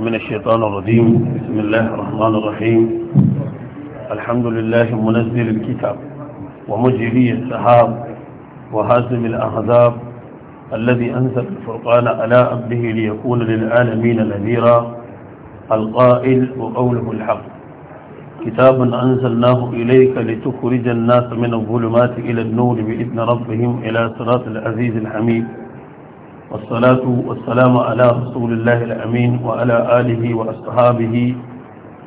من الشيطان الرجيم بسم الله الرحمن الرحيم الحمد لله منزل الكتاب ومجري السحاب وهازم الأحزاب الذي أنزل الفرقان على عبده ليكون للعالمين نذيرا القائل وقوله الحق كتاب أنزلناه إليك لتخرج الناس من الظلمات إلى النور بإذن ربهم إلى صراط العزيز الحميد والصلاة والسلام على رسول الله الأمين وعلى آله وأصحابه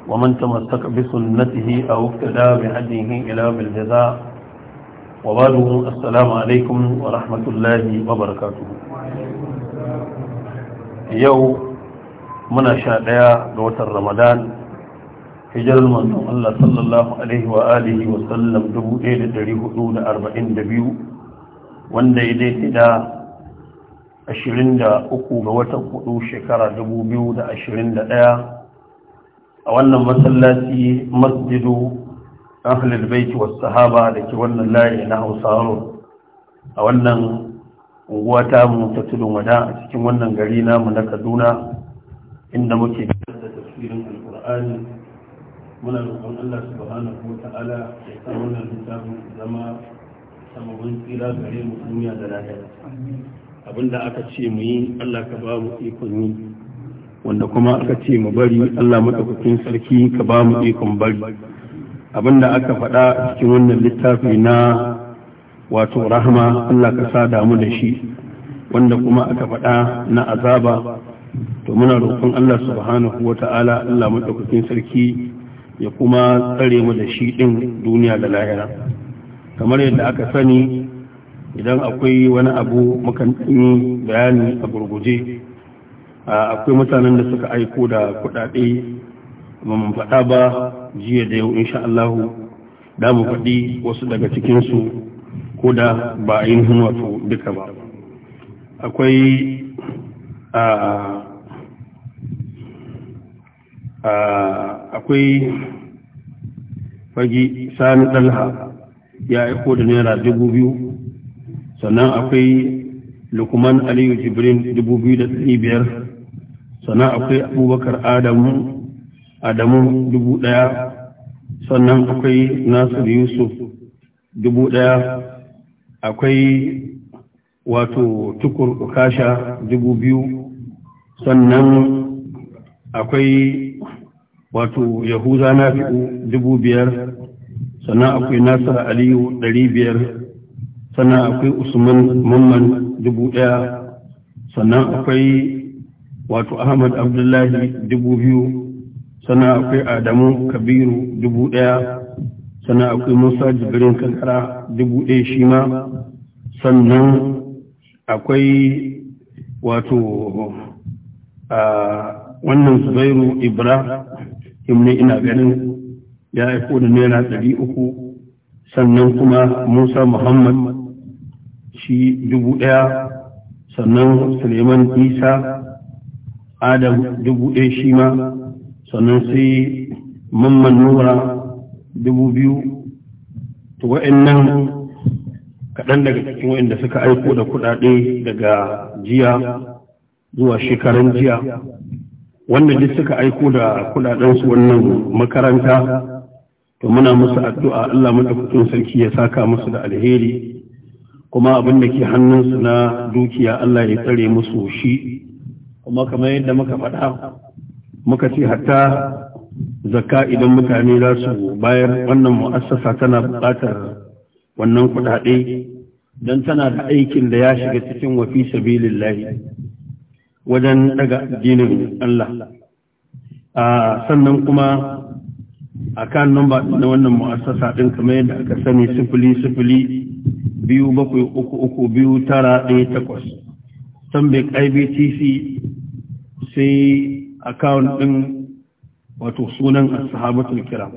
ومن تمسك بسنته أو اقتدى بهديه إلى بالجزاء وبعد السلام عليكم ورحمة الله وبركاته يوم من شاء قوة رمضان hijirar manzon Allah sallallahu Alaihi wa alihi wasallam 1442 wanda ya daidai da 23 ga watan 4 shekara 2021 a wannan masallaci masjidu ahlul baiti was sahaba da ke wannan layi na Hausawa a wannan unguwa ta mu ta tudun wada a cikin wannan gari namu na Kaduna inda muke da tafsirin alkur'ani muna roƙon Allah subhanahu wa ta'ala ya sa wannan littafin zama sababin tsira gare mu duniya da lahira abinda aka ce mu yi Allah ka ba mu ikon yi wanda kuma aka ce mu bari Allah madaukakin sarki ka ba mu ikon bari abinda aka faɗa cikin wannan littafi na wato rahama Allah ka sa damu da shi wanda kuma aka faɗa na azaba to muna roƙon Allah subhanahu wata'ala Allah madaukakin sarki ya kuma tsare mu da shi din duniya da lahira kamar yadda aka sani idan akwai wani abu mukan yi bayani a gurguje akwai mutanen da suka aiko da kudade ba mun faɗa ba jiya da yau insha Allah da mu faɗi wasu daga cikinsu ko da ba a yin wato duka ba akwai akwai fagi sani ɗalha ya aiko da naira dubu biyu sannan akwai lukman aliyu jibrin dubu biyu da biyar sannan akwai abubakar adamu adamu dubu ɗaya sannan akwai nasir yusuf dubu ɗaya akwai wato tukur ukasha dubu biyu sannan akwai wato yahuza na dubu biyar sannan akwai nasir aliyu ɗari biyar sannan akwai usman mamman dubu ɗaya sannan akwai wato ahmad abdullahi dubu biyu sannan akwai adamu kabiru dubu ɗaya sannan akwai musa jibirin kankara dubu ɗaya shi ma sannan akwai wato wannan zubairu ibra imni ina ganin ya aiko da naira ɗari uku sannan kuma musa muhammad shi dubu ɗaya sannan suleiman isa adam dubu ɗaya shi ma sannan sai mamman nura dubu biyu to wa'annan kaɗan daga cikin wa'anda suka aiko da kuɗaɗe daga jiya zuwa shekaran jiya wanda duk suka aiko da kuɗaɗensu wannan makaranta to muna musu addu'a Allah madaukakin sarki ya saka musu da alheri kuma abin da ke hannunsu na dukiya Allah ya tsare musu shi kuma kamar yadda muka faɗa muka ce hatta zakka idan mutane za su bayar wannan mu'assasa tana buƙatar wannan kuɗaɗe don tana da aikin da ya shiga cikin wafi sabilillahi wajen daga addinin Allah a sannan kuma a kan na wannan mu'assasa ɗin kamar yadda aka sani sifili sifili biyu bakwai uku uku biyu tara ɗaya takwas tambik ibtc sai akawun ɗin wato sunan ashabatul kira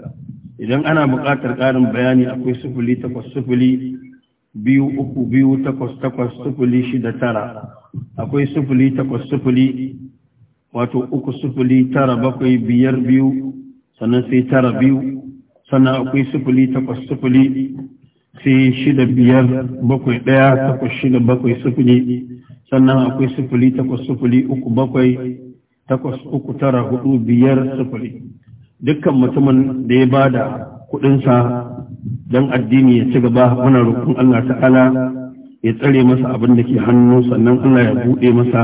idan ana buƙatar ƙarin bayani akwai sufuli takwas sufuli biyu uku biyu takwas takwas sufuli shida tara akwai sufuli takwas sufuli wato uku sufuli tara bakwai biyar biyu sannan sai tara biyu sannan akwai sufuli takwas sufuli sai shida biyar bakwai ɗaya takwas shida bakwai sufuri sannan akwai sufuri takwas sufuri uku bakwai takwas uku tara hudu biyar sufuri dukkan mutumin da ya ba da kuɗinsa don addini ya ci gaba muna roƙon Allah ta'ala ya tsare masa abin da ke hannu sannan Allah ya buɗe masa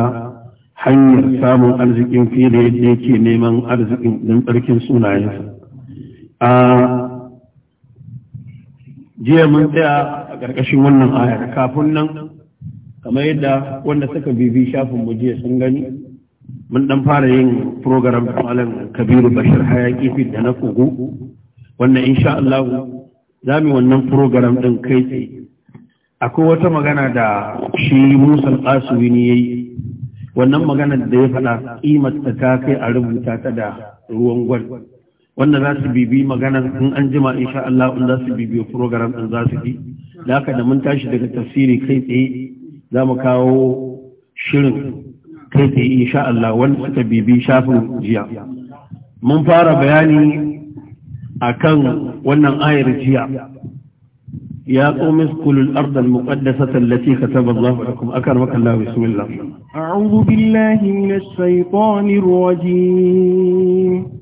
hanyar samun arzikin fiye da yadda yake neman arzikin don tsarkin sunayensa. Ah, jiya mun tsaya a ƙarƙashin wannan ayar kafin nan kamar yadda wanda suka bibi shafin mu jiya sun gani mun dan fara yin program da malam kabiru bashir hayaki fi da na kugu wannan insha Allah za mu wannan program din kai tsaye akwai wata magana da shi Musa Qasimi ne yayi wannan magana da ya faɗa kimar ta kai a rubuta ta da ruwan gwal wanda za su bibi magana in an jima insha Allah in za su bibi program din za su yi da haka da mun tashi daga tafsiri kai tsaye za mu kawo shirin kai tsaye insha Allah wanda suka bibi shafin jiya mun fara bayani akan wannan ayar jiya يا قوم اسكنوا الأرض المقدسة التي كتب الله لكم أكرمك الله بسم الله أعوذ بالله من الشيطان الرجيم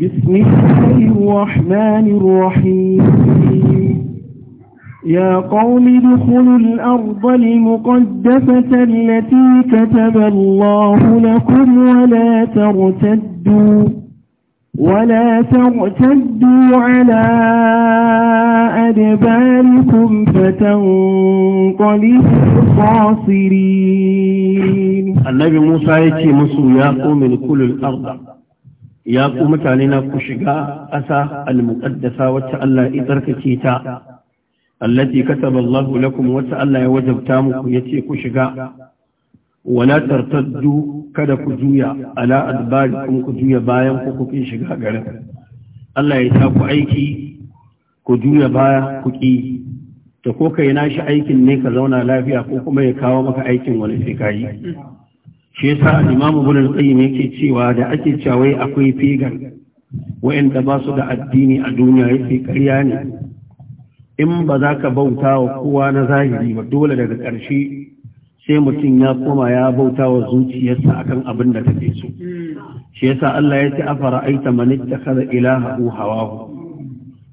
بسم الله الرحمن الرحيم يا قوم ادخلوا الأرض المقدسة التي كتب الله لكم ولا ترتدوا ولا ترتدوا على أدباركم فتنقلبوا خاسرين النبي موسى يتي مسو يا قوم ادخلوا الأرض ya ku mutane na ku shiga ƙasa al-muqaddasa wacce Allah ya tsarkake ta allati kataba Allahu lakum wacce Allah ya wajabta muku yace ku shiga wala tartaddu kada ku juya ala adbarikum ku juya bayan ku ku shiga garin Allah ya sa ku aiki ku juya baya ku ki ta ko kai nashi aikin ne ka zauna lafiya ko kuma ya kawo maka aikin wani sai shi sa Imam bulan tsayin yake cewa da ake cawai akwai figan wa'anda ba su da addini a duniya ya fi ƙarya ne in ba za ka bauta wa kowa na zahiri ba dole daga ƙarshe sai mutum ya koma ya bauta wa zuciyarsa akan abin da take so shi sa Allah ya ce afara aita man ilaha ilahahu hawahu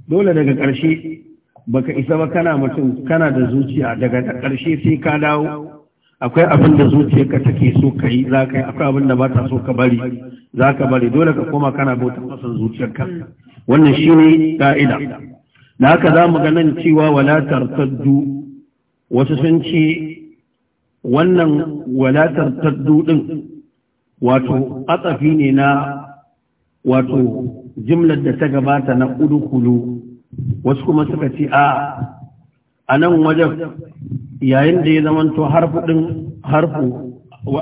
dole daga ƙarshe baka isa ba kana mutum kana da zuciya daga ƙarshe sai ka dawo akwai abin da zuciyarka take so ka yi za ka yi akwai abin da ba ta so ka bari za ka bari dole ka koma kana bauta zuciyar zuciyarka wannan shi ne ƙa'ida da haka za mu ganin cewa walatar taddu wasu sun ce wannan walatar taddu ɗin wato atsafi ne na wato jimlar da ta gabata na ƙudukulu wasu kuma suka ce a a nan wajen yayin da ya zamanto harfudin harfu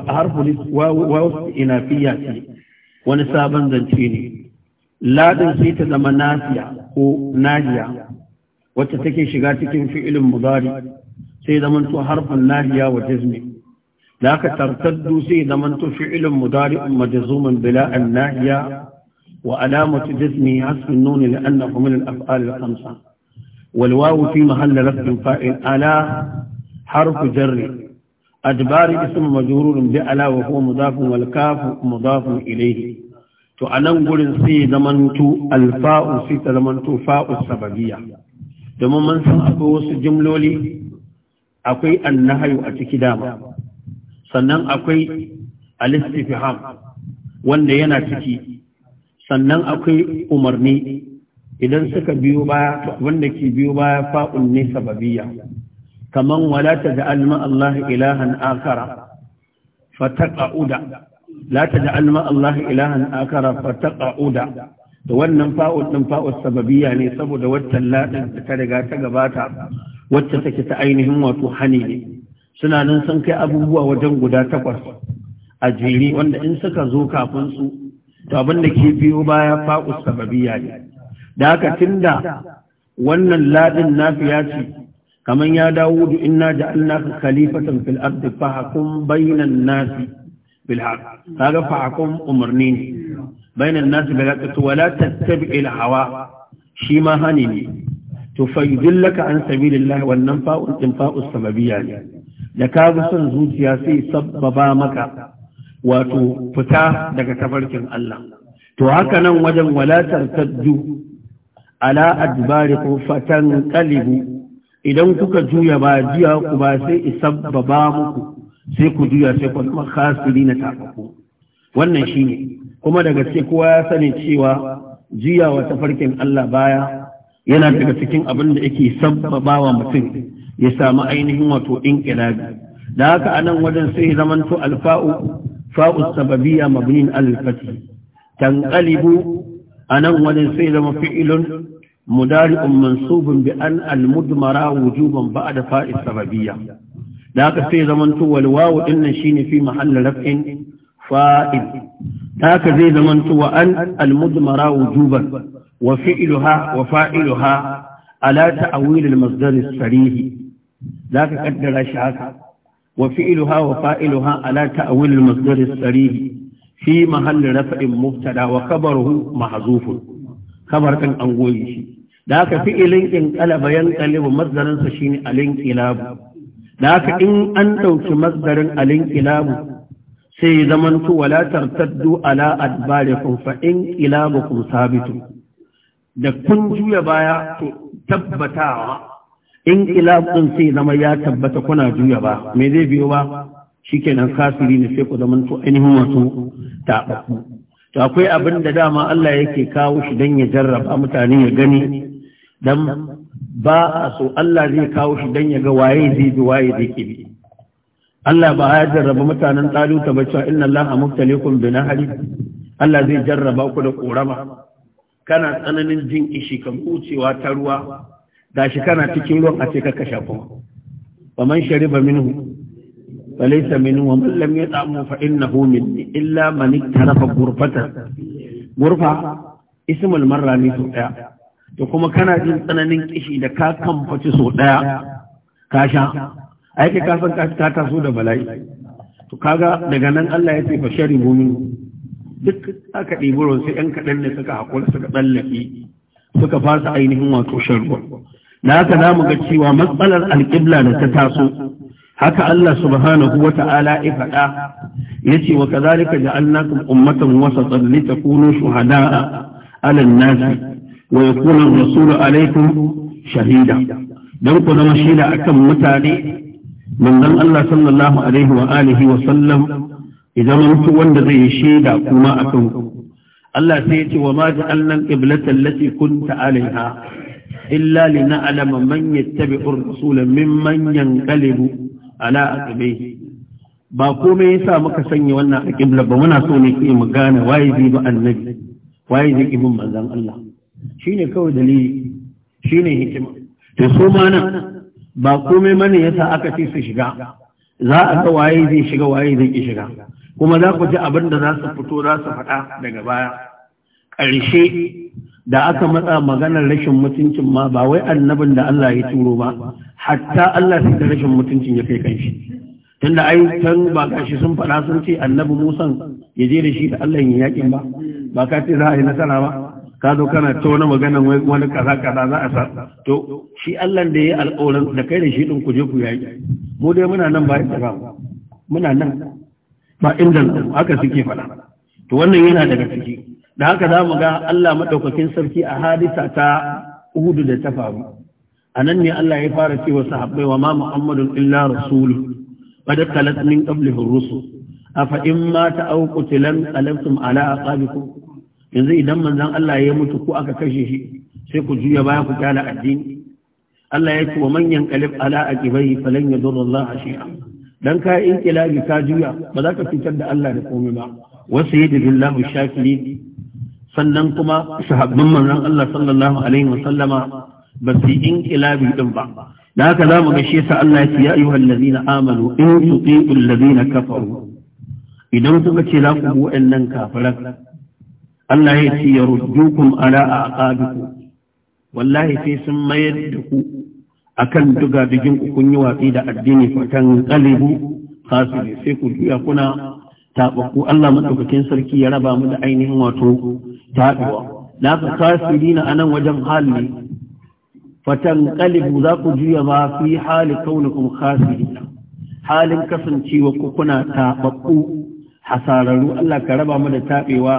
harfu wasu inafiya ce wani sabon zance ne ladin sai ta zama nasiya ko najiya wacce take shiga cikin fi'ilin mudari sai zamanto harfin najiya wa jizmi da aka tartaddu sai zamanto fi'ilin mudari majzuman bila an najiya wa alamatu jizmi hasbin nuni la'annahu min al-af'al al-khamsa والواو في محل رفع فائل ألا حرف جر أدبار اسم مجرور بألا وهو مضاف والكاف مضاف إليه to a nan gurin sai zamantu alfa'u sai ta zamantu fa'u sababiya domin man san akwai wasu jimloli akwai annahayu a ciki dama sannan akwai wanda yana ciki sannan akwai umarni idan suka biyo baya to abin da ke biyo baya fa'un ne sababiya. kaman wala da ma Allah ilahan akara ƙa'uda. la da ma Allah ilahan akara ƙa'uda. Da wannan fa'un din fa'us sababiya ne saboda waccan ladin da ta riga ta gabata wacce take ta ainihin wato hani ne suna nan sun kai abubuwa wajen guda takwas a jere wanda in suka zo kafin su to abin da ke biyo baya fa'us sababiya ne da haka tunda wannan ladin nafiya ce kamar ya dawo da inna ja'alnaka khalifatan kalifatan ardi fahkum bainan nasi bil haqq ga fahkum umarni ne bainan nasi bil haqq wala tattabi'il hawa shi ma hani ne to fa yudillaka an sabilillah wannan fa'un tinfa'u sababiyya ne da ka son zuciya sai sabbaba maka wato fita daga tafarkin Allah to haka nan wajen wala tartaddu ala adbarikum fatanqalibu idan kuka juya ba jiya ku ba sai isabbaba muku sai ku juya sai ku zama na tafaku wannan shine kuma daga gaske kowa ya sani cewa jiya wa tafarkin Allah baya yana daga cikin abin da yake sabbabawa mutum ya samu ainihin wato inqilabi da haka anan wajen sai zaman to alfa'u fa'u sababiyya mabnin al tanqalibu anan wajen sai zama fi'ilun mudari'un mansubin bi an al-mudmara wujuban ba da fa'is sababiyya da aka sai zaman to wal wawu dinnan fi mahalla raf'in fa'il da aka zai zaman to wa an al-mudmara wujuban wa fi'luha wa ala ta'wil al-masdar as-sarih da aka kaddara shi haka wa fi'luha wa ala ta'wil al-masdar fi mahalli raf'in mubtada wa khabaruhu mahzufun Kamar kan an goyi shi da haka fi'ilin yan yanqalibu masdarin sa shine alin ƙilabu. da aka in an dauki masdarin alin ƙilabu sai zamantu wala tartaddu ala adbarikum fa kun sabitu da kun juya baya tabbatawa in ɗin sai zama ya tabbata kuna juya ba me zai biyo ba shikenan kafiri ne sai ku zama to ainihin wasu taɓaɓɓu to akwai abin da dama Allah yake kawo shi don ya jarraba mutane ya gani don ba a so Allah zai kawo shi don ya ga waye zai bi waye zai ke bi Allah ba ya jarraba mutanen ɗaluta ba cewa inna Allah a muktalikun bi nahari Allah zai jarraba ku da ƙorama kana tsananin jin ishi kan ta ruwa Da shi kana cikin ruwan a ce ka kashe kuma ba man shariba minhu فليس منه ومن لم يطعمه فإنه مني إلا من اكترف gurfa غرفة اسم المرة نسو ɗaya to kuma kana jin tsananin kishi da ka kamfaci so ɗaya ka sha aiki ka san ka taso da bala'i to daga nan Allah ya ce fa sharibu min duk aka ɗibi ruwan sai ƴan kaɗan ne suka haƙura suka tsallake suka fasa ainihin wato shan ruwa da haka za mu ga cewa matsalar alƙibla da ta taso haka Allah subhanahu wa ta'ala ya faɗa yace wa kadhalika ja'alnakum ummatan wasatan litakunu shuhada a an nasi?" wa yakuna ar-rasulu 'alaykum shahida dan ku zama shaida akan mutane manzon Allah sallallahu alaihi wa alihi wa sallam idan mutu wanda zai yi shaida kuma a ku Allah sai ya ce wa ma ja'alna al-qiblata allati kunta 'alayha illa lina'lama man yattabi'u ar-rasula mimman yanqalibu ala aqibai ba komai yasa muka sanya wannan aqibla ba muna so ne ki mu gane waye zai ba annabi waye zai ki bin manzon Allah shine kawai dalili shine hikima to so ma nan ba komai mana yasa aka ce su shiga za a ga waye zai shiga waye zai ki shiga kuma za ku ji abin da za su fito za su faɗa daga baya ƙarshe da aka matsa maganar rashin mutuncin ma ba wai annabin da Allah ya turo ba hatta Allah sai da rashin mutuncin ya kai kanshi tunda ai can ba kashi sun faɗa sun ce annabi Musa ya je da shi da Allah ya yakin ba ba ka ce za a yi nasara ba ka zo kana ta wani magana wani kaza kaza za a sa to shi Allah da ya yi alƙawarin da kai da shi din ku je ku yaƙi mu dai muna nan ba ba muna nan ba inda aka suke faɗa to wannan yana daga ciki da haka za mu ga Allah maɗaukakin sarki a hadisa ta hudu da ta faru a nan ne Allah ya fara cewa sahabbai wa ma muhammadun illa rasulu da khalat min qablihi A afa in ma ta'aw qutilan qalabtum ala aqabikum yanzu idan manzon Allah ya mutu ko aka kashe shi sai ku juya baya ku kyala addini Allah ya ce wa man yanqalib ala aqibai falan yadurra Allah shay'a dan ka inqilabi ka juya ba za ka fitar da Allah da komai ba wasu yadda billahi shakirin sannan kuma sahabban manzon Allah sallallahu alaihi wa sallama ba su yi inqilabi din ba da haka zamu ga shi Allah ya ce ya ayyuhal ladina amanu in tuti'u ladina kafaru idan kuka ce za ku bi wa'annan kafiran Allah ya ce ya ala aqabikum wallahi sai sun mayar da ku akan duga bigin ku kun yi watsi da addini fatan qalibu khasiri sai ku kuna taɓaɓɓu Allah maɗaukakin sarki ya raba mu da ainihin wato taɗuwa na ka kafiri na anan wajen hali fatan kalibu za ku juya ma fi hali kaunukum kafiri halin kasancewa ku kuna taɓaɓɓu hasararru Allah ka raba mu da taɓewa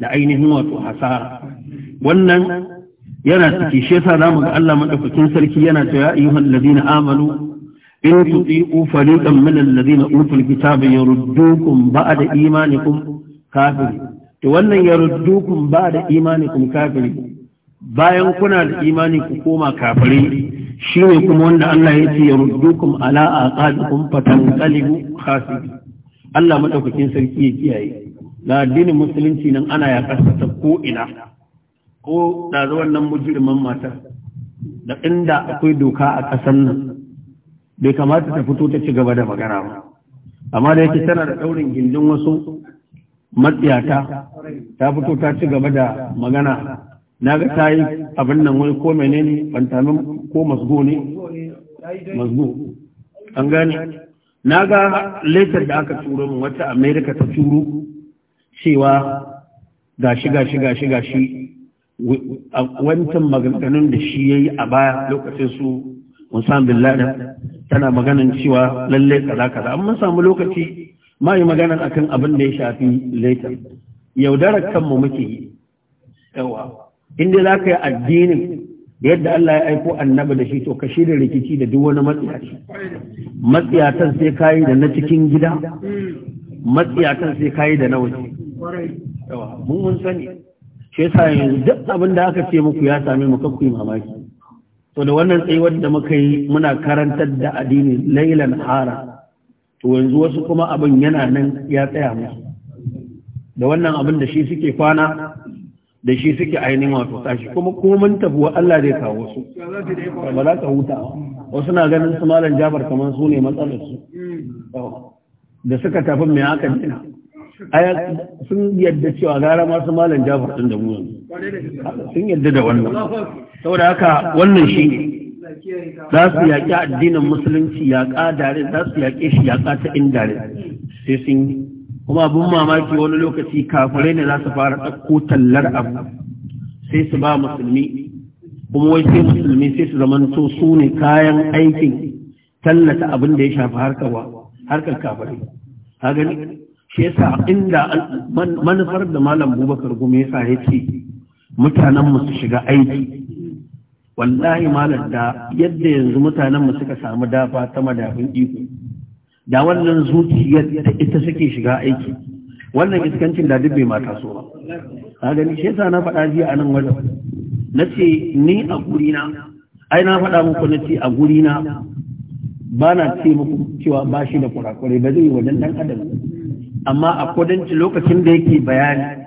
da ainihin wato hasara wannan yana ciki shi yasa zamu ga Allah maɗaukakin sarki yana cewa ayyuhal ladina amanu in tuti'u fariqan min alladhina utul kitaba yaruddukum ba'da imanikum kafiri to wannan yaruddukum ba'da imanikum kafiri bayan kuna da imani ku koma kafiri shine kuma wanda Allah ya ce yaruddukum ala aqabikum fatanqalibu khasiri Allah madaukakin sarki ya kiyaye da addinin musulunci nan ana ya kasata ko ina ko da wannan mujriman mata da inda akwai doka a ƙasar nan bai kamata ta fito ta ci gaba da magana ba amma da yake tana da daurin gindin wasu matsiyata ta fito ta ci gaba da magana na ga ta yi abin nan wai ko menene fantamin ko masgo ne masgo an gane na ga letar da aka turo min wata amerika ta turo cewa ga shiga-shiga-shiga gashi shi wancan maganganun da shi ya yi a baya lokacin su musamman bin laden tana maganin cewa lalle kaza kaza amma samu lokaci ma yi akan abin da ya shafi later yaudarar kanmu muke yi yawa inda za ka yi addinin yadda Allah ya aiko annabi da shi to ka shirya rikici da duk wani matsiyaci matsiyatan sai kayi da na cikin gida matsiyatan sai kayi da na waje yawa mun mun sani shi yasa yanzu duk abin da aka ce muku ya same mu kakku mamaki to da wannan tsayuwar da muka yi muna karantar da addini lailan hara to yanzu wasu kuma abin yana nan ya tsaya musu da wannan abin da shi suke kwana da shi suke ainihin wato tashi kuma komin tabuwa Allah zai kawo su ba za ka huta wasu na ganin su malam jabar kamar su ne matsalar su mm. da suka tafi mai aka jina sun yadda cewa gara masu malam jafar ɗin da mu sun yadda da wannan saboda haka wannan shi ne za su yaƙi addinin musulunci yaƙa dare za su yaƙe shi yaƙa ta indare sai sun yi kuma abin mamaki wani lokaci kafirai ne za su fara ɗauko tallar abu sai su ba musulmi kuma wai sai musulmi sai su to su ne kayan aikin tallata abin da ya shafi harkar kafirai gani ke sa inda manufar da malam bubakar gume sa ya ce mutanen su shiga aiki wallahi malam da yadda yanzu mutanen mu suka samu dafa ta madafin iko da wannan zuciyar da ita suke shiga aiki wannan iskancin da dubbe mata so ba ka gani shi yasa na faɗa jiya a nan wajen na ce ni a gurina ai na faɗa muku na ce a gurina ba na ce muku cewa ba shi da kurakurai ba zai yi wajen ɗan adam amma a kudanci lokacin da yake bayani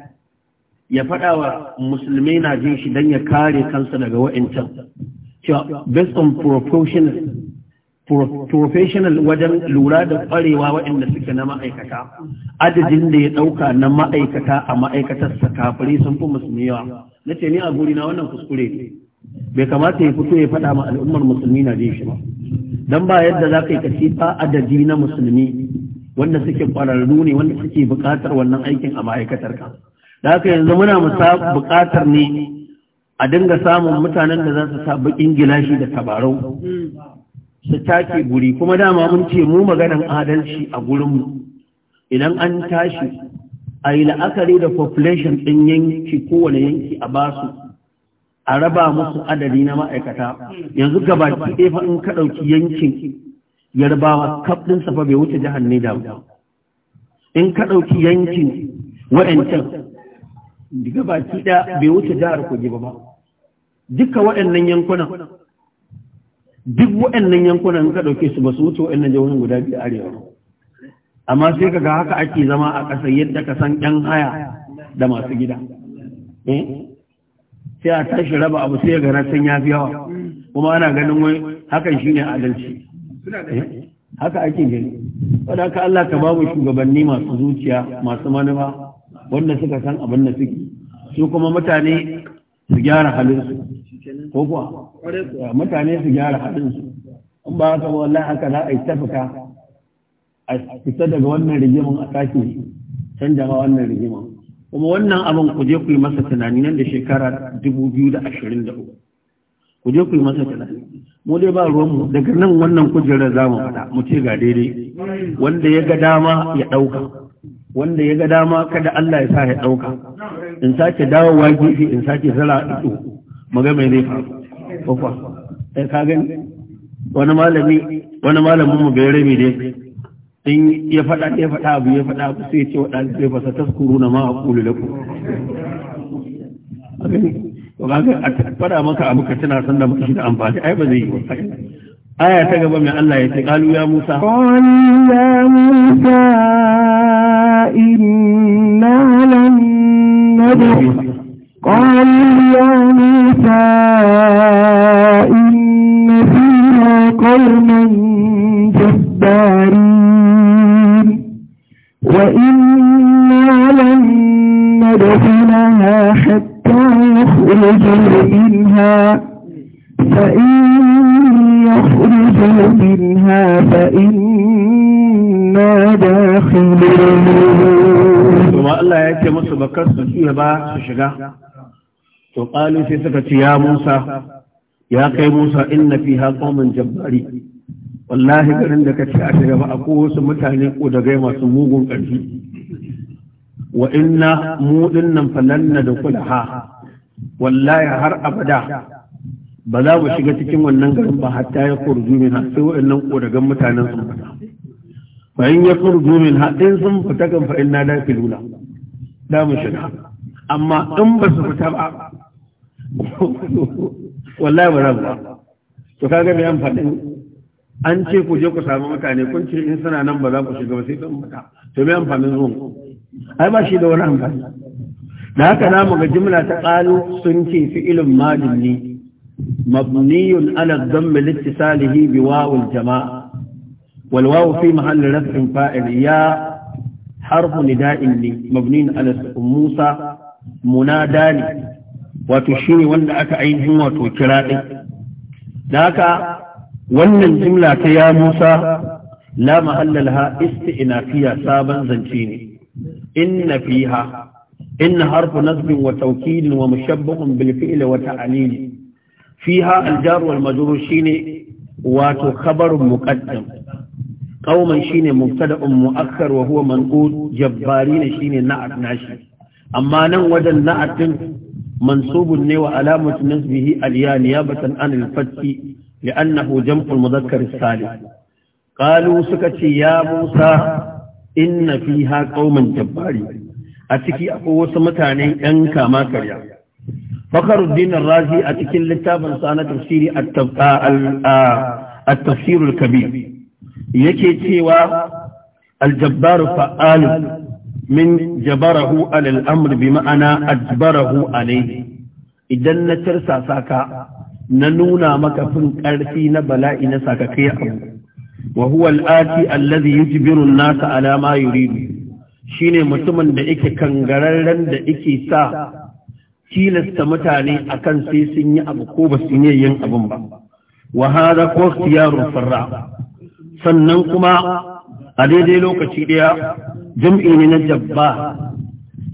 ya faɗa wa musulmai na jin shi don ya kare kansa daga wa'incan cewa based on professional wajen lura da ƙwarewa waɗanda suke na ma'aikata adadin da ya ɗauka na ma'aikata a ma'aikatarsa kafirai sun fi musulmi yawa na ce ni a na wannan kuskure bai kamata ya fito ya faɗa ma al'ummar musulmi na jin shi ba don ba yadda za ka yi kasifa adadi na musulmi wanda suke kwararru ne wanda suke buƙatar wannan aikin a ma'aikatarka. da aka yanzu muna musa buƙatar ne a dinga samun mutanen da za su sa bakin gilashi da tabarau su take guri kuma dama mun ce mu maganan adalci a gurinmu idan an tashi a yi la'akari da population ɗin yanki kowane yanki a basu a raba musu adadi na ma'aikata yanzu gabaki ɗaya fa in ka ɗauki yankin yarbawa kafin safa fa bai wuce jihar Niger ba in ka dauki yankin waɗancan daga baki da bai wuce jihar Kogi ba duka waɗannan yankunan duk waɗannan yankunan ka dauke su ba su wuce waɗannan jihohin guda biyu arewa amma sai kaga haka ake zama a ƙasar yadda ka san ɗan haya da masu gida eh? sai a tashi raba abu sai ga rasan ya fi yawa kuma ana ganin wai hakan shine adalci Eh, haka ake gani wadda aka Allah ka ba mu shugabanni masu zuciya masu manufa wanda suka san abin da suke su kuma mutane su gyara halinsu ko kuwa mutane su gyara halinsu in ba haka wallahi haka za a yi tafika a fita daga wannan rigimin a canja canjawa wannan rigimin kuma wannan abin ku je ku yi masa tunani nan da shekara 2023 ku je ku yi masa tunani mu dai ba ruwanmu daga nan wannan kujerar za mu faɗa mu ce ga daidai wanda ya ga dama ya ɗauka wanda ya ga dama kada Allah ya sa ya ɗauka in sake dawowa gefe in sake zara ito maga mai zai faru ko sai eh, ka gani wani malami wani malamin mu bai rami dai in ya faɗa ya fada abu ya faɗa abu sai ya ce waɗanda sai fasa taskuru na ma a kulu da ku to kaga a fada maka abu ka tana san da maka shi da amfani ai ba zai yi ba aya ta gaba mai Allah ya ce qalu ya Musa qalu ya Musa inna lan nad'a qalu ya Musa inna fiha qauman jabbarin wa inna lan nadkhulaha hatta تخرج منها فإن يخرج منها فإنا داخلون وما الله يأتي مصر بكرس فيها بقى شجاع وقالوا في سكت يا موسى يا قي موسى إن فيها قوم جباري والله garin da kace a shiga ba a kowace mutane wa inna mu dinnan falan na da kulha wallahi har abada ba za mu shiga cikin wannan garin ba hatta ya kurzu min ha sai wa'annan kodagan mutanen sun fita fa in ya kurzu min ha din sun fita kan fa inna da filula da mu shiga amma in ba su fita ba wallahi ba za mu ba to kaga me an faɗin an ce ku je ku samu mutane kun ce in suna nan ba za ku shiga ba sai dan fita to me amfanin zuwan ku ai ba shi da wani amfani da haka na muga jimla ta ƙalu sun ce fi fi'ilin madin ne mabniyun ala dhammi littisalihi bi wawul jama'a wal wawu fi mahalli raf'in fa'il ya حرف نداء مبني على موسى منادى wato shine wanda aka ainihin wato kira ɗin da haka wannan jimla ta ya musa la mahallalaha isti'nafiya sabon zance ne inna fiha inna harfu nasbin wa taukidin wa mushabbahun bil fi'li wa ta'lil fiha al jar wal majrur shine wato khabarun muqaddam qauman shine mubtada'un mu'akkar wa huwa manqud jabbarin shine na'at nashi amma nan wajen na'at din mansubun ne wa alamatu nasbihi al ya niyabatan an al fathi لأنه جمع المذكر الثالث قالوا سكتي يا موسى inna fiha qauman jabbari a ciki akwai wasu mutane yan kama karya Fakhruddin Razi a cikin littafin sa na tafsiri at-tafsir kabir yake cewa Aljabaru jabbar min jabarahu ala amr bi ma'ana ajbarahu alayhi idan na tarsa saka na nuna maka fin ƙarfi na bala'i na sakakai abu Wahu huwa al'ati allazi yujbiru an-nasa ala ma shine mutumin da yake kangararren da yake sa tilasta mutane akan sai sun yi abu ko ba su yi yin abin ba wa hada ko ikhtiyarun farra sannan kuma a daidai lokaci ɗaya, jam'i ne na jabba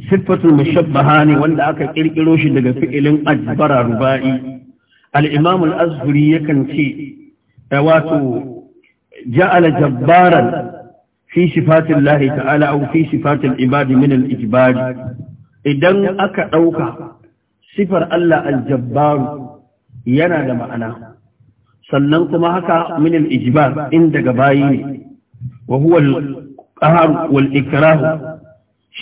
sifatul mushabbaha ne wanda aka ƙirƙiro shi daga fi'ilin ajbara rubai al-imam al yakan ce wato ja'ala jabbaran fi sifatin lahi ta'ala au fi sifatin ibadi min al-ijbari idan aka ɗauka sifar Allah al yana da ma'ana sannan kuma haka min al-ijbar in daga bayi ne wa huwa al-qahr wal ikrah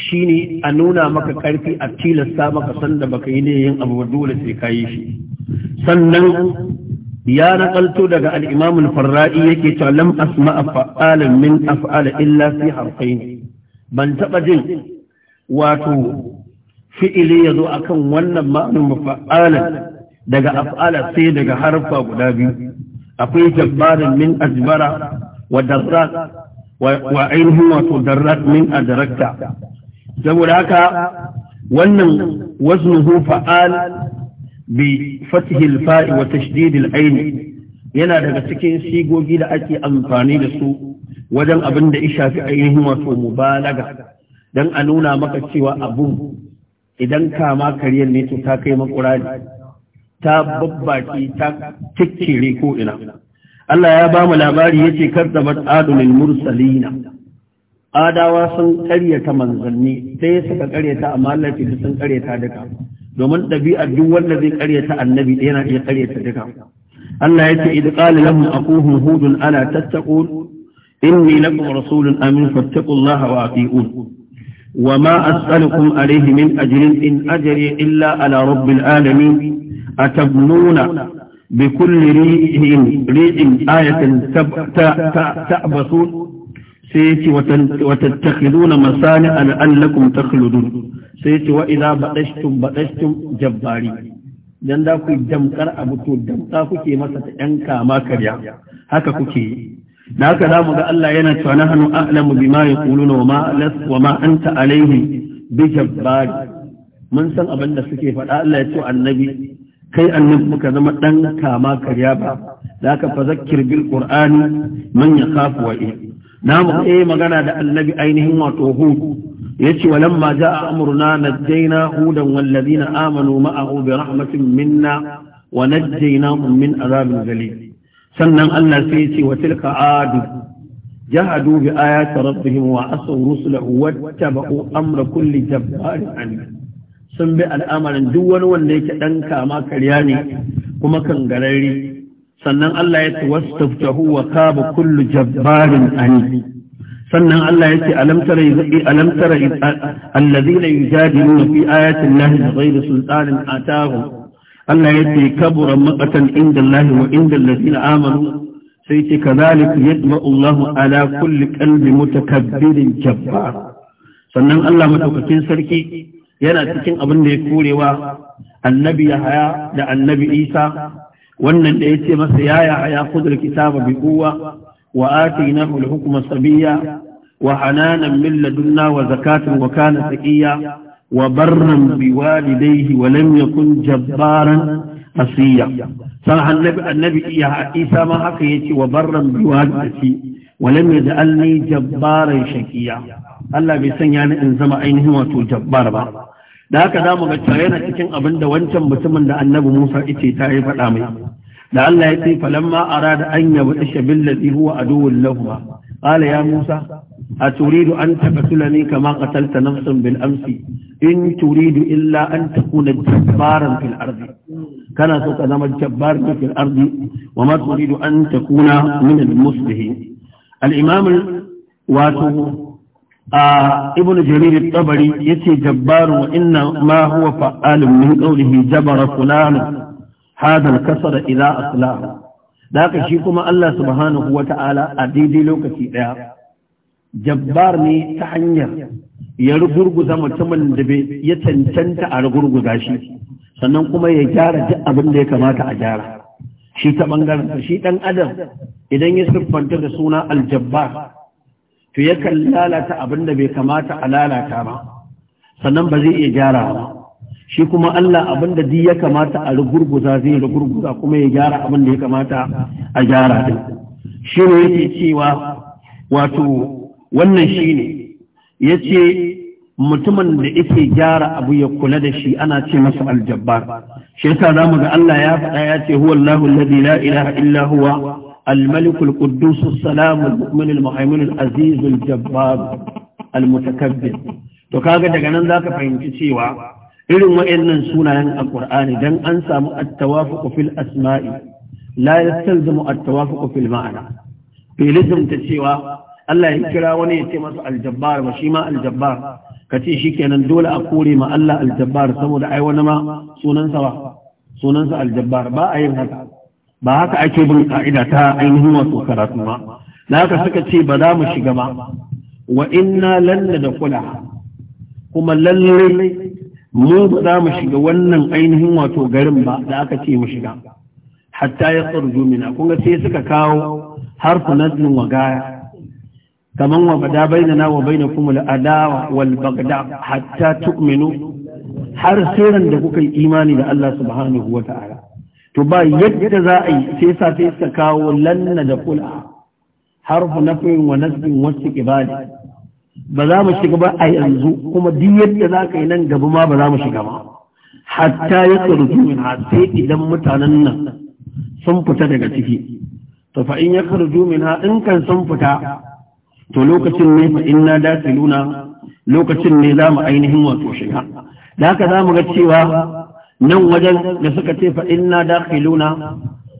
shine a nuna maka karfi a tilasta maka sanda baka yi ne yin abu dole sai ka yi shi sannan ya nakalto daga al farrai yake cewa lam a fa'alan min af'ala illa fi harfain ban taɓa jin wato fi'ili ya zo a kan wannan ma'anar fa'alan daga af'ala sai daga harfa guda biyu akwai jabbarin min ajbara wa darrat wa ainihin wato darrat min adrakta saboda haka wannan waznuhu fa'al bi fatihil fa'i wa tashdidil yana daga cikin sigogi da ake amfani da su wajen abin da shafi ainihin wato mubalaga dan a nuna maka cewa abu idan kama kariyar ne to ta kai makurani ta babbaki ta tikkire ko ina Allah ya ba mu labari yace kazzabat adulil mursalina adawa sun karyata manzanni sai suka karyata amma Allah sun karyata daga. domin ɗabi'ar duk wanda zai karyata annabi yana iya karyata duka Allah ya ce idh qala lahum aquhum hudun ala tattaqun inni lakum rasulun amin fattaqullaha wa ati'un وما أسألكم عليه من أجر إن أجري إلا على رب العالمين أتبنون بكل ريع ريع آية تأبسون sai yace watattakhiduna masani la'allakum takhludun sai yace wa idza badashtum badashtum jabbari dan da ku damkar abu to damka kuke masa ta yan kama karya haka kuke da haka zamu ga Allah yana cewa nahnu a'lamu bima yaquluna wa ma las wa ma anta alaihi bi jabbar mun san abin da suke faɗa Allah ya ce annabi kai annabi muka zama dan kama karya ba da haka fa zakkir bil qur'ani man yakhafu wa na mu kai eh magana da annabi ainihin wato hud yace walamma jaa amruna najjayna hudan wallazina amanu ma'ahu bi rahmatin minna wa najjaynahum min azabin zali. sannan Allah sai yace wa tilka adu jahadu bi ayati rabbihim wa asaw rusulahu wattaba'u amra kulli jabbarin anid sun bi al'amarin duk wani wanda yake dan kama karya ne kuma kangararre sannan Allah ya ce wastaftahu wa kaba kullu jabbarin ani sannan Allah ya ce alam tara alam tara alladhina yujadiluna fi ayati llahi bighayri sultanin atahum Allah ya ce kabura maqatan inda Allah wa inda alladhina amanu sai ce kadhalik yatba'u Allah ala kulli qalbi mutakabbirin jabbar sannan Allah madaukakin sarki yana cikin abin da ya korewa annabi Yahaya da annabi Isa wannan da ce masa ya ya haya khudul kitaba bi quwwa wa na al-hukma sabiyya wa hananan min ladunna wa zakatan wa kana wa barran bi walidayhi wa lam yakun jabbaran asiya san annabi annabi ya isa ma haka yace wa barran bi walidayhi wa lam yaj'alni jabbaran shaqiya Allah bai sanya ni in zama ainihin wato jabbar ba da haka za mu ga cewa yana cikin abin da wancan mutumin da annabi Musa ita ta yi faɗa mai da Allah ya ce falamma arada an yabtasha billazi huwa aduwwul lahum qala ya musa A Turidu an taqtulani kama qatalta nafsan bil amsi in turidu illa an takuna jabbaran fil ardi kana so ka zama jabbar fil ardi wa ma turidu an takuna min al muslihin al imam wato ابن جرير الطبري يتي جبار وإنما هو فعال min قوله جبر فلان hadal kasara ila aslahu daga shi kuma Allah subhanahu wata'ala a daidai lokaci daya jabbar ne ta hanyar ya rugurguza mutumin da ya cancanta a rugurguza shi sannan kuma ya gyara duk abin da ya kamata a gyara shi ta bangaren shi dan adam idan ya siffanta da suna aljabbar to yakan lalata abin da bai kamata a lalata ba sannan ba zai iya gyara ba shi kuma Allah abin da duk ya kamata a rugurguza zai rugurguza kuma ya gyara abin da ya kamata a gyara din shi ne yake cewa wato wannan shi ne ya ce mutumin da yake gyara abu ya kula da shi ana ce masa aljabbar shi yasa za mu ga Allah ya faɗa ya ce huwa Allahu alladhi la ilaha illa huwa الملك القدوس السلام المؤمن المهيمن العزيز الجبار المتكبر to kaga daga nan zaka fahimci cewa irin wa'annan sunayen alqur'ani dan an samu at fil asma'i la yastalzimu at fil ma'ana filizm ta cewa Allah ya kira wani ya ce masa aljabbar ba shi ma aljabbar ka ce shi kenan dole a kore ma Allah aljabbar saboda ai wani ma sunansa ba sunansa aljabbar ba a yin haka ba haka ake bin ka'ida ta ainihin wasu karatu ma da haka suka ce ba za mu shiga ba wa inna lan da kula kuma lallai. mu ba za mu shiga wannan ainihin wato garin ba da aka ce mu shiga hatta ya tsarju mina kun ga sai suka kawo harfu nazlin wa gaya kaman wa bada bainana wa bainakum al adawa wal bagda hatta tu'minu har sirran da kuka yi imani da Allah subhanahu wa ta'ala to ba yadda za a yi sai sa sai suka kawo lanna da kula harfu nafin wa nasbin wasu ibadi ba za mu shiga ba a yanzu kuma duk yadda za ka yi nan gaba ma ba za mu shiga ba hatta ya karfi min sai idan mutanen nan sun fita daga ciki to fa in ya karfi min ha in kan sun fita to lokacin ne fa inna dakiluna lokacin ne za mu ainihin wato shiga da haka za mu ga cewa nan wajen da suka ce fa inna dakiluna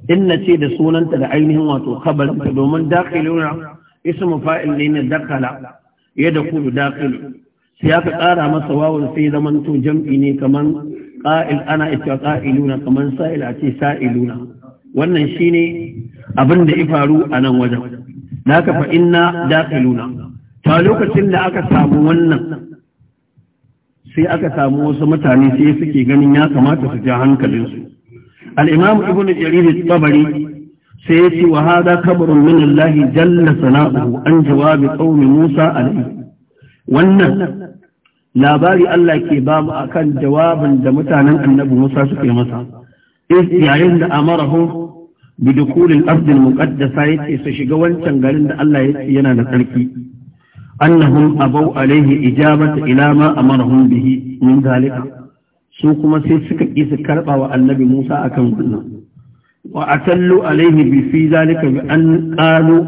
inna ce da sunanta da ainihin wato khabar domin dakiluna ismu fa'il ne na dakala ya da kudu dakilu sai aka ƙara masa wawan sai zaman to jam'i ne kamar ƙa'il ana ita ƙa'iluna kamar sa'il a ce sa'iluna wannan shine abin da ya faru a nan wajen da aka fa inna dakiluna ta lokacin da aka samu wannan sai aka samu wasu mutane sai suke ganin ya kamata su ja hankalinsu al-imam ibnu jarir tabari sai ya ce wa hada kabarun min Allah jalla sana'u an jawabi qaumi Musa alaihi wannan labari Allah ke ba mu akan jawabin da mutanen annabi Musa suke masa yayin da amarahu bi dukulil ardil muqaddasa yace su shiga wancan garin da Allah yace yana da tsarki annahum abau alaihi ijabata ila ma amarahum bihi min zalika su kuma sai suka ki su karba wa annabi Musa akan wannan wa atallu alaihi bi fi zalika bi an qalu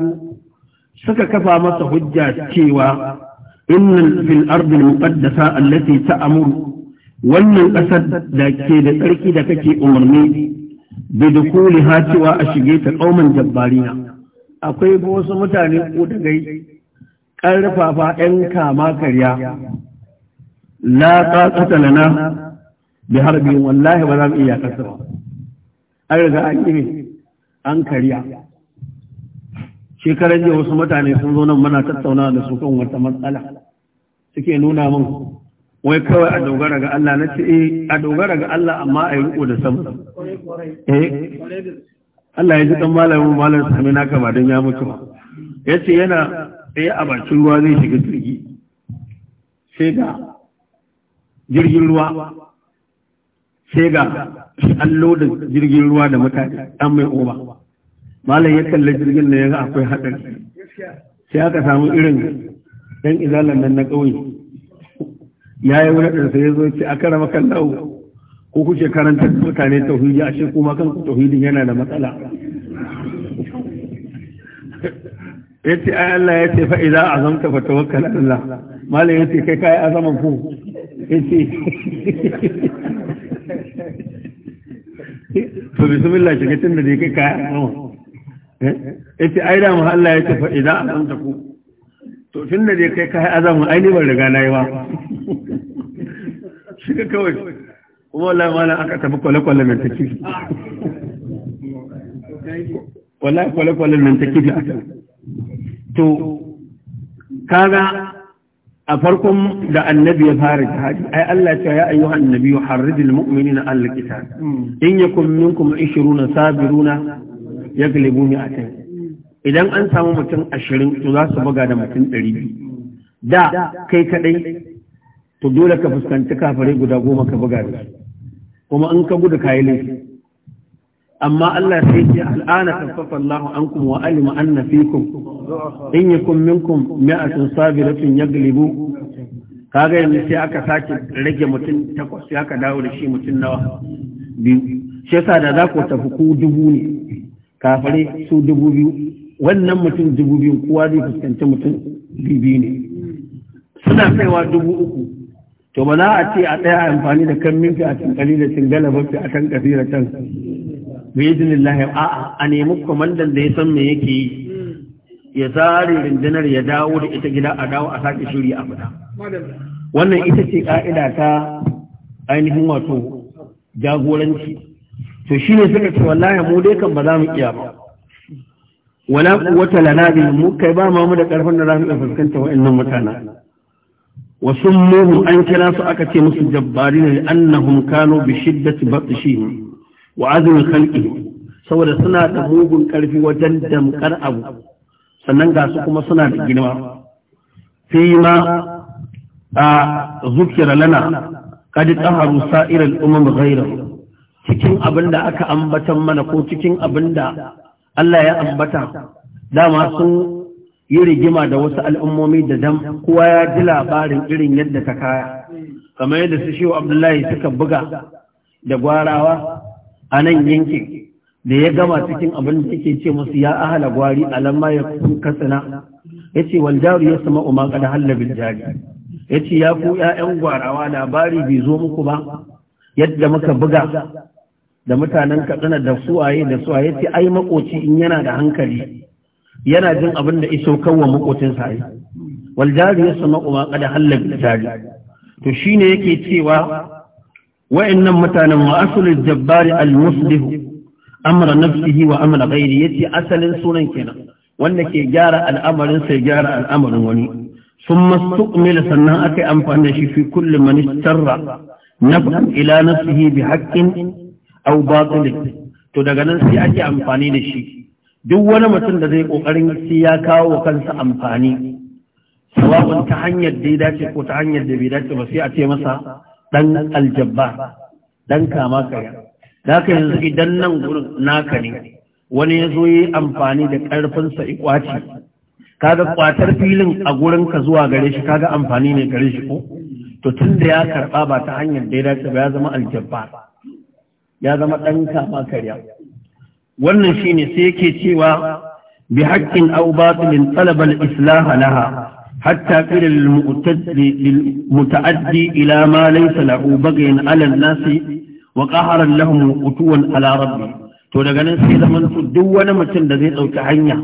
suka kafa masa hujja cewa innal fil ardi muqaddasa ta amur. wannan ƙasar da ke da tsarki da kake umarni bi dukuli hacewa a shige ta kauman jabbarina akwai wasu mutane ko da gai ƙarfafa ‘yan kama karya, la ta lana bi harbi wallahi ba za mu iya kasa ba. an riga an yi an kariya shekaran jiya wasu mutane sun zo nan mana tattaunawa da su kan wata matsala suke nuna min wai kawai a dogara ga Allah na ce eh a dogara ga Allah amma a yi riko da sama eh Allah ya ji dan malamin malam sami na kama dan ya mutu ba yace yana tsaye a bakin ruwa zai shiga jirgi sai ga jirgin ruwa sai ga an loda jirgin ruwa da mutane an mai oba malam ya kalla jirgin na ya ga akwai haɗari sai aka samu irin ɗan izalan nan na ƙauye ya yi wani ɗansa ya zo ce a kara makan lau ko kuke karanta mutane tauhidi a shi kuma kan tauhidin yana da matsala ya ce ai Allah ya ce fa a azamta fa tawakkal Allah malam ya ce kai kai azaman ku ya ce to bismillah shiga tun da dai kai kaya eh? sama yace ai da mu Allah ya ce ida idza azamta ku to tun da dai kai kaya azamu ai ne ban riga nayi ba shi ka kawai kuma wallahi ma nan aka tafi kwale-kwale mai ta kifi wallahi kwale-kwale mai ta kifi aka to kaga a farkon da annabi ya fara jihadi ai Allah ya ce ya ayyuhan annabi harridil mu'minina al qital in yakum minkum 20 sabiruna yaglibu mi'atan idan an samu mutum 20 to za su buga da mutum 200 da kai kadai to dole ka fuskanci kafare guda goma ka buga da kuma in ka gudu kayi laifi amma Allah sai ce al'ana kaffafa Allah ankum wa alima anna kun, in kun yakum minkum mi'atun sabiratun yaglibu kaga yanzu sai aka sake rage mutum takwas sai aka dawo da shi mutum nawa biyu shi yasa da za ku tafi ku dubu ne kafare su dubu biyu wannan mutum dubu biyu kowa zai fuskanci mutum biyu ne suna kaiwa dubu uku to ba za a ce a tsaya amfani da kan minti a can kalilatin galaba fi a kan kasiratan bidin Allah a a nemi kwamandan da ya san me yake yi ya zare rundunar ya dawo da ita gida a dawo a sake shiri a fita wannan ita ce ka'ida ta ainihin wato jagoranci to shi ne suka ce wallahi mu dai kan ba za mu iya ba wala quwwata lana mu kai ba ma mu da karfin da za mu fuskanta wa'annan mutanen wasu muhun an kira su aka ce musu jabbari ne annahum kanu bi shiddati wa azumin khalqi saboda suna da mugun karfi wajen damkar abu sannan ga su kuma suna da girma fi ma a zukira lana kadi taharu sa'iral umam ghairu cikin abin da aka ambatan mana ko cikin abin da Allah ya ambata dama sun yi rigima da wasu al'ummomi da dam kowa ya ji labarin irin yadda ta kaya kamar yadda su shi abdullahi suka buga da gwarawa a nan yankin da ya gama cikin abin da yake ce musu ya ahala gwari alamma ya kasana ya ce wal jaru ya sama umar kada hallabin jari ya ce ya ku ‘ya'yan gwarawa labari bai zo muku ba yadda muka buga da mutanen katsina da suwaye da suwaye ce ai makoci in yana da hankali yana jin abin da iso kawo makocin sa yi wal ya sama umar kada hallabin jari to shine yake cewa wa'annan mutanen wa jabbari al-muslih amra nafsihi wa amra ghairi yace asalin sunan kenan wanda ke gyara al'amarin sai gyara al'amarin wani summa istuqmila sannan akai amfani da shi fi kulli man istarra naf'an ila nafsihi bi haqqin aw batil to daga nan sai ake amfani da shi duk wani mutum da zai kokarin sai ya kawo kansa amfani sawa'un ta hanyar da ya dace ko ta hanyar da bai dace ba sai a ce masa Ɗan aljabba ɗan kama kaya da ka yanzu idan nan gurin naka ne wani ya zo yi amfani da ƙarfinsa ikwaci kaga kwatar filin a gurin ka zuwa gare shi kaga amfani ne gare shi ko to tun da ya karɓa ba ta hanyar da ya dace ba ya zama aljabba ya zama ɗan kama karya wannan shine sai yake cewa bi haƙƙin au batilin talabal islaha laha حتى قيل للمتأدي إلى ما ليس له بغي على الناس وقهرا لهم أتوا على ربي تولغان duk من mutum da zai أو hanya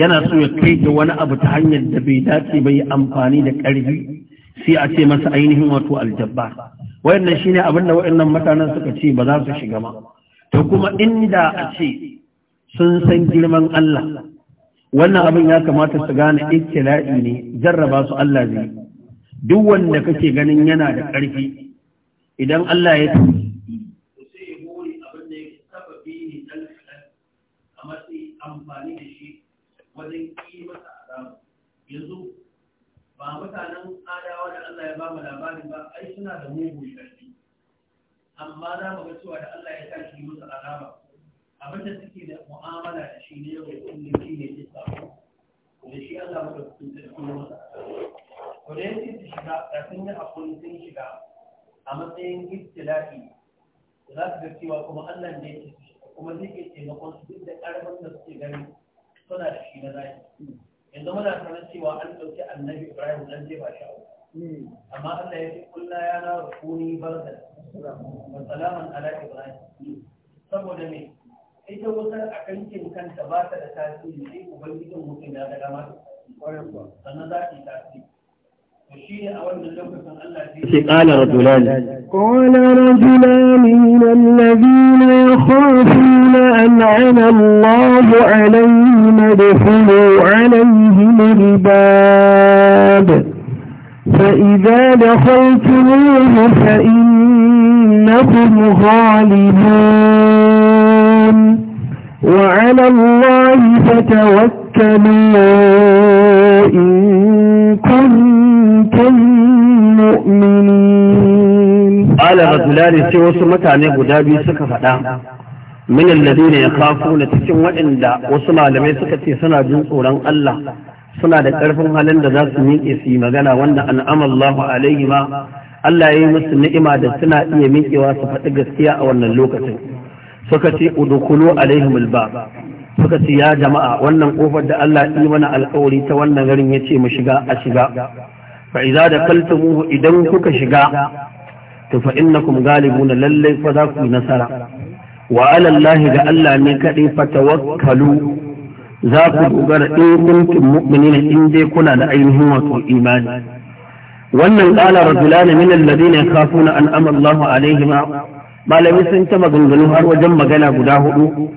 yana so ya kai da wani abu ta hanyar da bai dace bai amfani da ƙarfi sai a ce masa ainihin wato aljabba wayannan shine abin da wayannan mutanen suka ce ba za su shiga ma to kuma inda a ce sun san girman Allah wannan abin ya kamata su gane ibtila'i ne jarraba su Allah zai duk wanda kake ganin yana da ƙarfi idan Allah ya tafi ba mutanen adawa da Allah ya ba mu labarin ba ai suna da mugun ƙarfi amma za mu ga cewa da Allah ya tashi musu alama. abin da suke da mu'amala da shi ne yau da kullum shi da shi Allah maka kuɗin tsarki to da yake su shiga kafin na akwai sun shiga a matsayin ibtila'i za su ga cewa kuma Allah ne yake kuma zai ke taimakon su duk da ƙarfin da suke gani suna da shi na zaki yanzu muna sanar cewa an ɗauki annabi Ibrahim an jefa shi a amma Allah ya ce kulla ya na bar bardan wa salaman ala Ibrahim saboda me ita a kanta ba ta da tasiri ubangijin mutum ya sannan za tasiri قال رجلان قال رجلان من الذين يخافون أنعم الله عليهم ادخلوا عليهم الباب فإذا دخلتموه فإنكم غالبون لكم وعلى الله فتوكلوا إن كنتم مؤمنين قال رجلان سوى سمتاني قدابي سكفتا من الذين يخافون تكون وإن دا وصلا لم يسكتي سنة جنس ورن الله suna da ƙarfin halin da za su miƙe su yi magana wanda an'amallahu alaihi ma Allah ya yi musu ni'ima da suna iya miƙewa su faɗi gaskiya a wannan lokacin suka ce udkhulu alaihim alba suka ce ya jama'a wannan kofar da Allah yi mana alƙawari ta wannan garin yace mu shiga a shiga fa idza dakaltumuhu idan kuka shiga to fa innakum galibuna lalle fa za ku nasara wa ala ga Allah ne kadai fa tawakkalu za ku dogara in kuntum mu'minina in dai kuna da ainihin wato imani wannan qala rajulan min alladhina yakhafuna an amalla Allahu alaihima malami sun ta maganganu har wajen magana guda hudu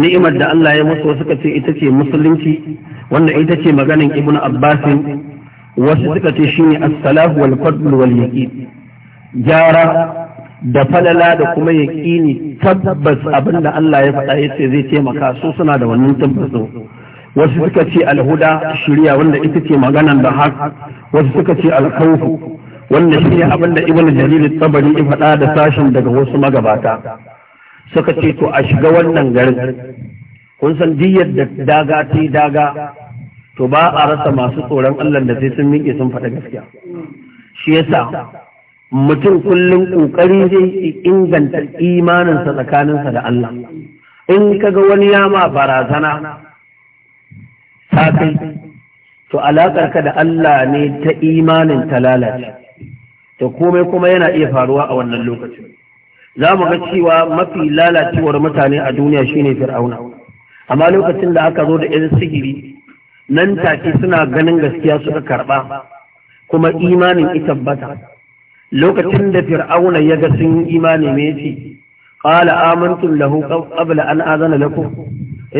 ni'imar da Allah ya musu suka ce ita ce musulunci wanda ita ce maganin ibnu abbas wasu suka ce shine as-salahu wal fadl wal yaqin gyara da falala da kuma yaqini tabbas abinda Allah ya faɗa yace zai taimaka su suna da wannan tabbaso wasu suka ce alhuda shirya wanda ita ce maganan da har wasu suka ce alkhawfu wannan shine abin da ibn jarir tabari ya faɗa da sashin daga wasu magabata suka ce to a shiga wannan garin kun san diyyar da daga ta daga to ba a rasa masu tsoron Allah da sai sun miƙe sun faɗa gaskiya shi yasa mutum kullum ƙoƙari zai inganta imaninsa tsakaninsa da Allah in kaga wani yama barazana ta kai to alaƙarka da Allah ne ta imanin ta lalace to komai kuma yana iya faruwa a wannan lokacin za mu ga cewa mafi lalacewar mutane a duniya shine fir'auna amma lokacin da aka zo da yan sigiri nan take suna ganin gaskiya suka karba kuma imanin ita tabbata lokacin da fir'auna ya ga sun imani me yace qala amantu lahu qabla an azana lakum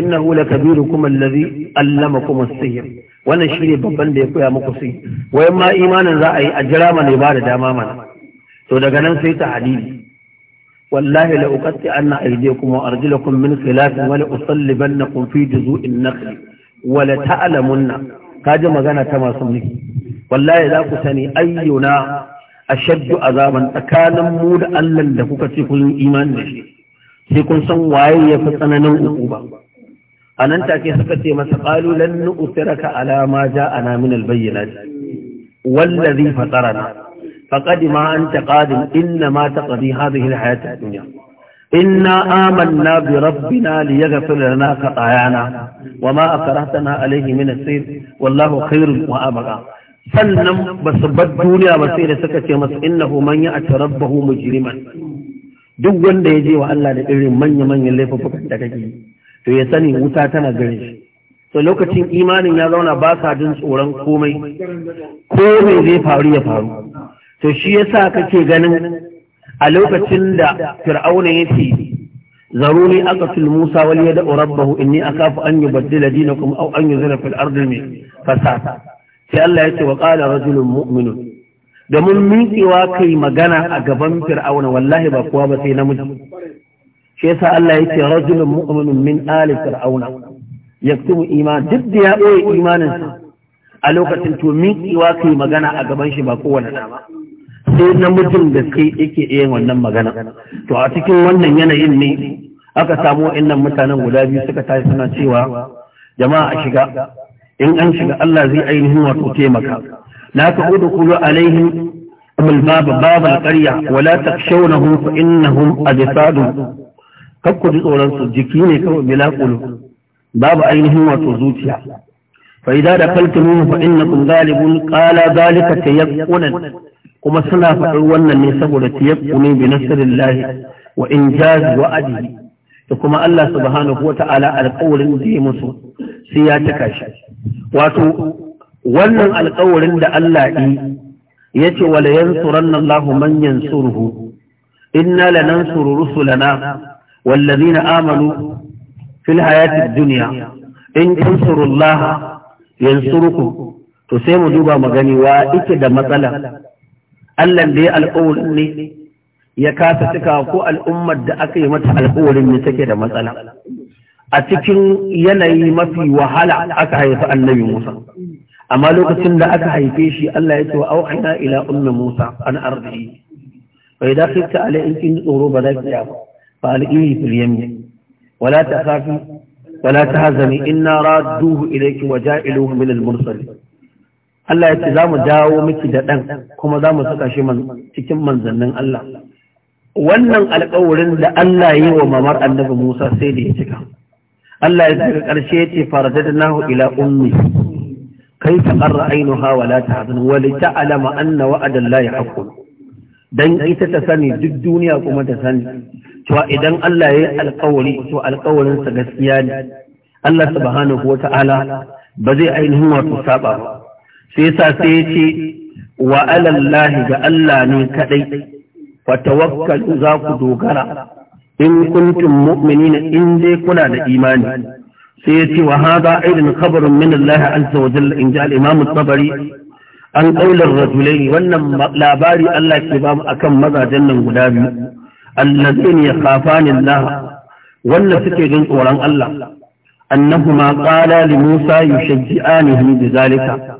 innahu lakabirukum allazi allamakum as-sihr wannan shine babban da ya koya muku sihir wai ma imanin za a yi a jira mana ba da dama mana to daga nan sai ta hadidi wallahi la uqatti anna aydiyakum wa arjulakum min khilaf wa la usallibannakum fi juzu'in naql wa la ta'lamunna kaje magana ta masu miki wallahi za ku sani ayyuna ashaddu azaban tsakanin mu da Allah da kuka ce kun imani da shi sai kun san waye ya fi tsananin uku ba a nan take suka ce masa ƙalu lan nu'tiraka ala ma ja'ana min al-bayyinat wallazi fatarana faqad ma anta qadim inna ma taqdi hadhihi al-hayat ad-dunya inna amanna bi rabbina liyaghfir lana khatayana wama akrahtana alayhi min as-sayr wallahu khairun wa abqa sannan basu bar duniya ba sai da suka ce masa innahu man ya'ti rabbahu mujriman duk wanda ya je wa Allah da irin manya-manyan laifukan da kake yi to ya sani wuta tana gare shi to lokacin imanin ya zauna ba sa jin tsoron komai komai zai faru ya faru to shi yasa kake ganin a lokacin da fir'auna ya ce aka aqtul musa wal yad'u rabbahu inni akafu an yubaddila dinakum aw an yuzila fil ardi fasada sai Allah ya ce wa qala rajulun mu'minun da mun miƙewa kai magana a gaban fir'auna wallahi ba kowa ba sai namiji shi yasa Allah yake rajulun mu'minun min ali fir'auna yaktubu iman duk da ya boye imanin a lokacin to miƙewa kai magana a gaban shi ba kowane dama sai namijin da kai yake iya wannan magana to a cikin wannan yanayin ne aka samu wa'annan mutanen guda biyu suka tashi suna cewa jama'a a shiga in an shiga Allah zai ainihin wato taimaka la ta'udu kulu alaihim bil bab bab al qarya wa la fa innahum ajsadu kan ku ji tsoronsu jiki ne kawai bila kulu babu ainihin wato zuciya fa idza dakaltum fa innakum ghalibun qala zalika tayaqqunan kuma suna faɗar wannan ne saboda tayaqquni bi nasrillahi wa injaz wa ajli da kuma Allah subhanahu wata'ala alƙawarin da ya musu sai ya taka shi wato wannan alƙawarin da Allah yi yace wala yansuranna Allahu man yansuruhu inna lanansuru rusulana والذين آمنوا في الحياة الدنيا إن تنصروا الله ينصركم تسيموا دوبا مغني وإكد مثلا ألن دي القول أني يكاس تكاكو الأمة دأكي متى القول أني تكد مثلا أتكن يني مفي وهلع أكهيف النبي موسى أما لو كتن أكهيف شيء الله يتوى أوحنا إلى أم موسى أن أرضي فإذا خفت عليه إن كنت أروب ذلك يا أبو فألقيه في اليمين ولا تخافي ولا تهزني إنا رادوه إليك وجائلوه من المرسلين Allah ya ce za mu dawo miki da ɗan kuma za mu saka cikin manzannin Allah. Wannan alƙawarin da Allah yi wa mamar annabi Musa sai da ya cika. Allah ya daga ƙarshe ya ce faradada nahu ila ummi kai ta ƙarra ainu hawa la ta hazin wali ta alama anna wa'adan la ya haƙƙo. Dan ita ta sani duk duniya kuma ta sani cewa idan Allah ya yi alkawari to alkawarinsa gaskiya ne Allah subhanahu wa ta'ala ba zai ainihin wato saba ba sai yasa sai ya ce wa alallahi ga Allah ne kadai fa tawakkalu za ku dogara in kuntum mu'minina in dai kuna da imani sai ya ce wa hada aidan khabarun min Allah azza wa jalla in ja al-imam tabari an qaular rajulaini wannan labari Allah ke ba mu akan mazajen nan guda biyu Allah allazin ya khafani Allah wanda suke jin tsoron Allah annahuma qala li Musa yushajji'anihim bidhalika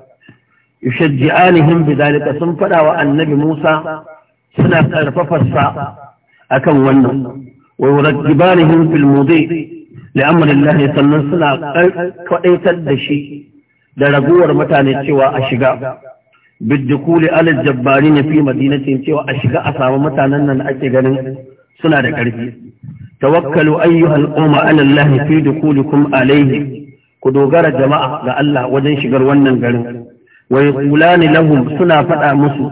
yushajji'anihim bidhalika sun faɗawa annabi Musa suna karfafarsa akan wannan wa yurajjibanihim fil mudi لأمر الله sannan suna kwadaitar da shi da raguwar mutane cewa a shiga Biddukuli alal jabbari ne fi madinatin cewa a shiga a samu mutanen nan ake ganin suna da ƙarfi tawakkalu ayyuhal umma ala Allah fi dukulikum alayhi ku dogara jama'a ga Allah wajen shigar wannan garin wa yaqulani lahum suna faɗa musu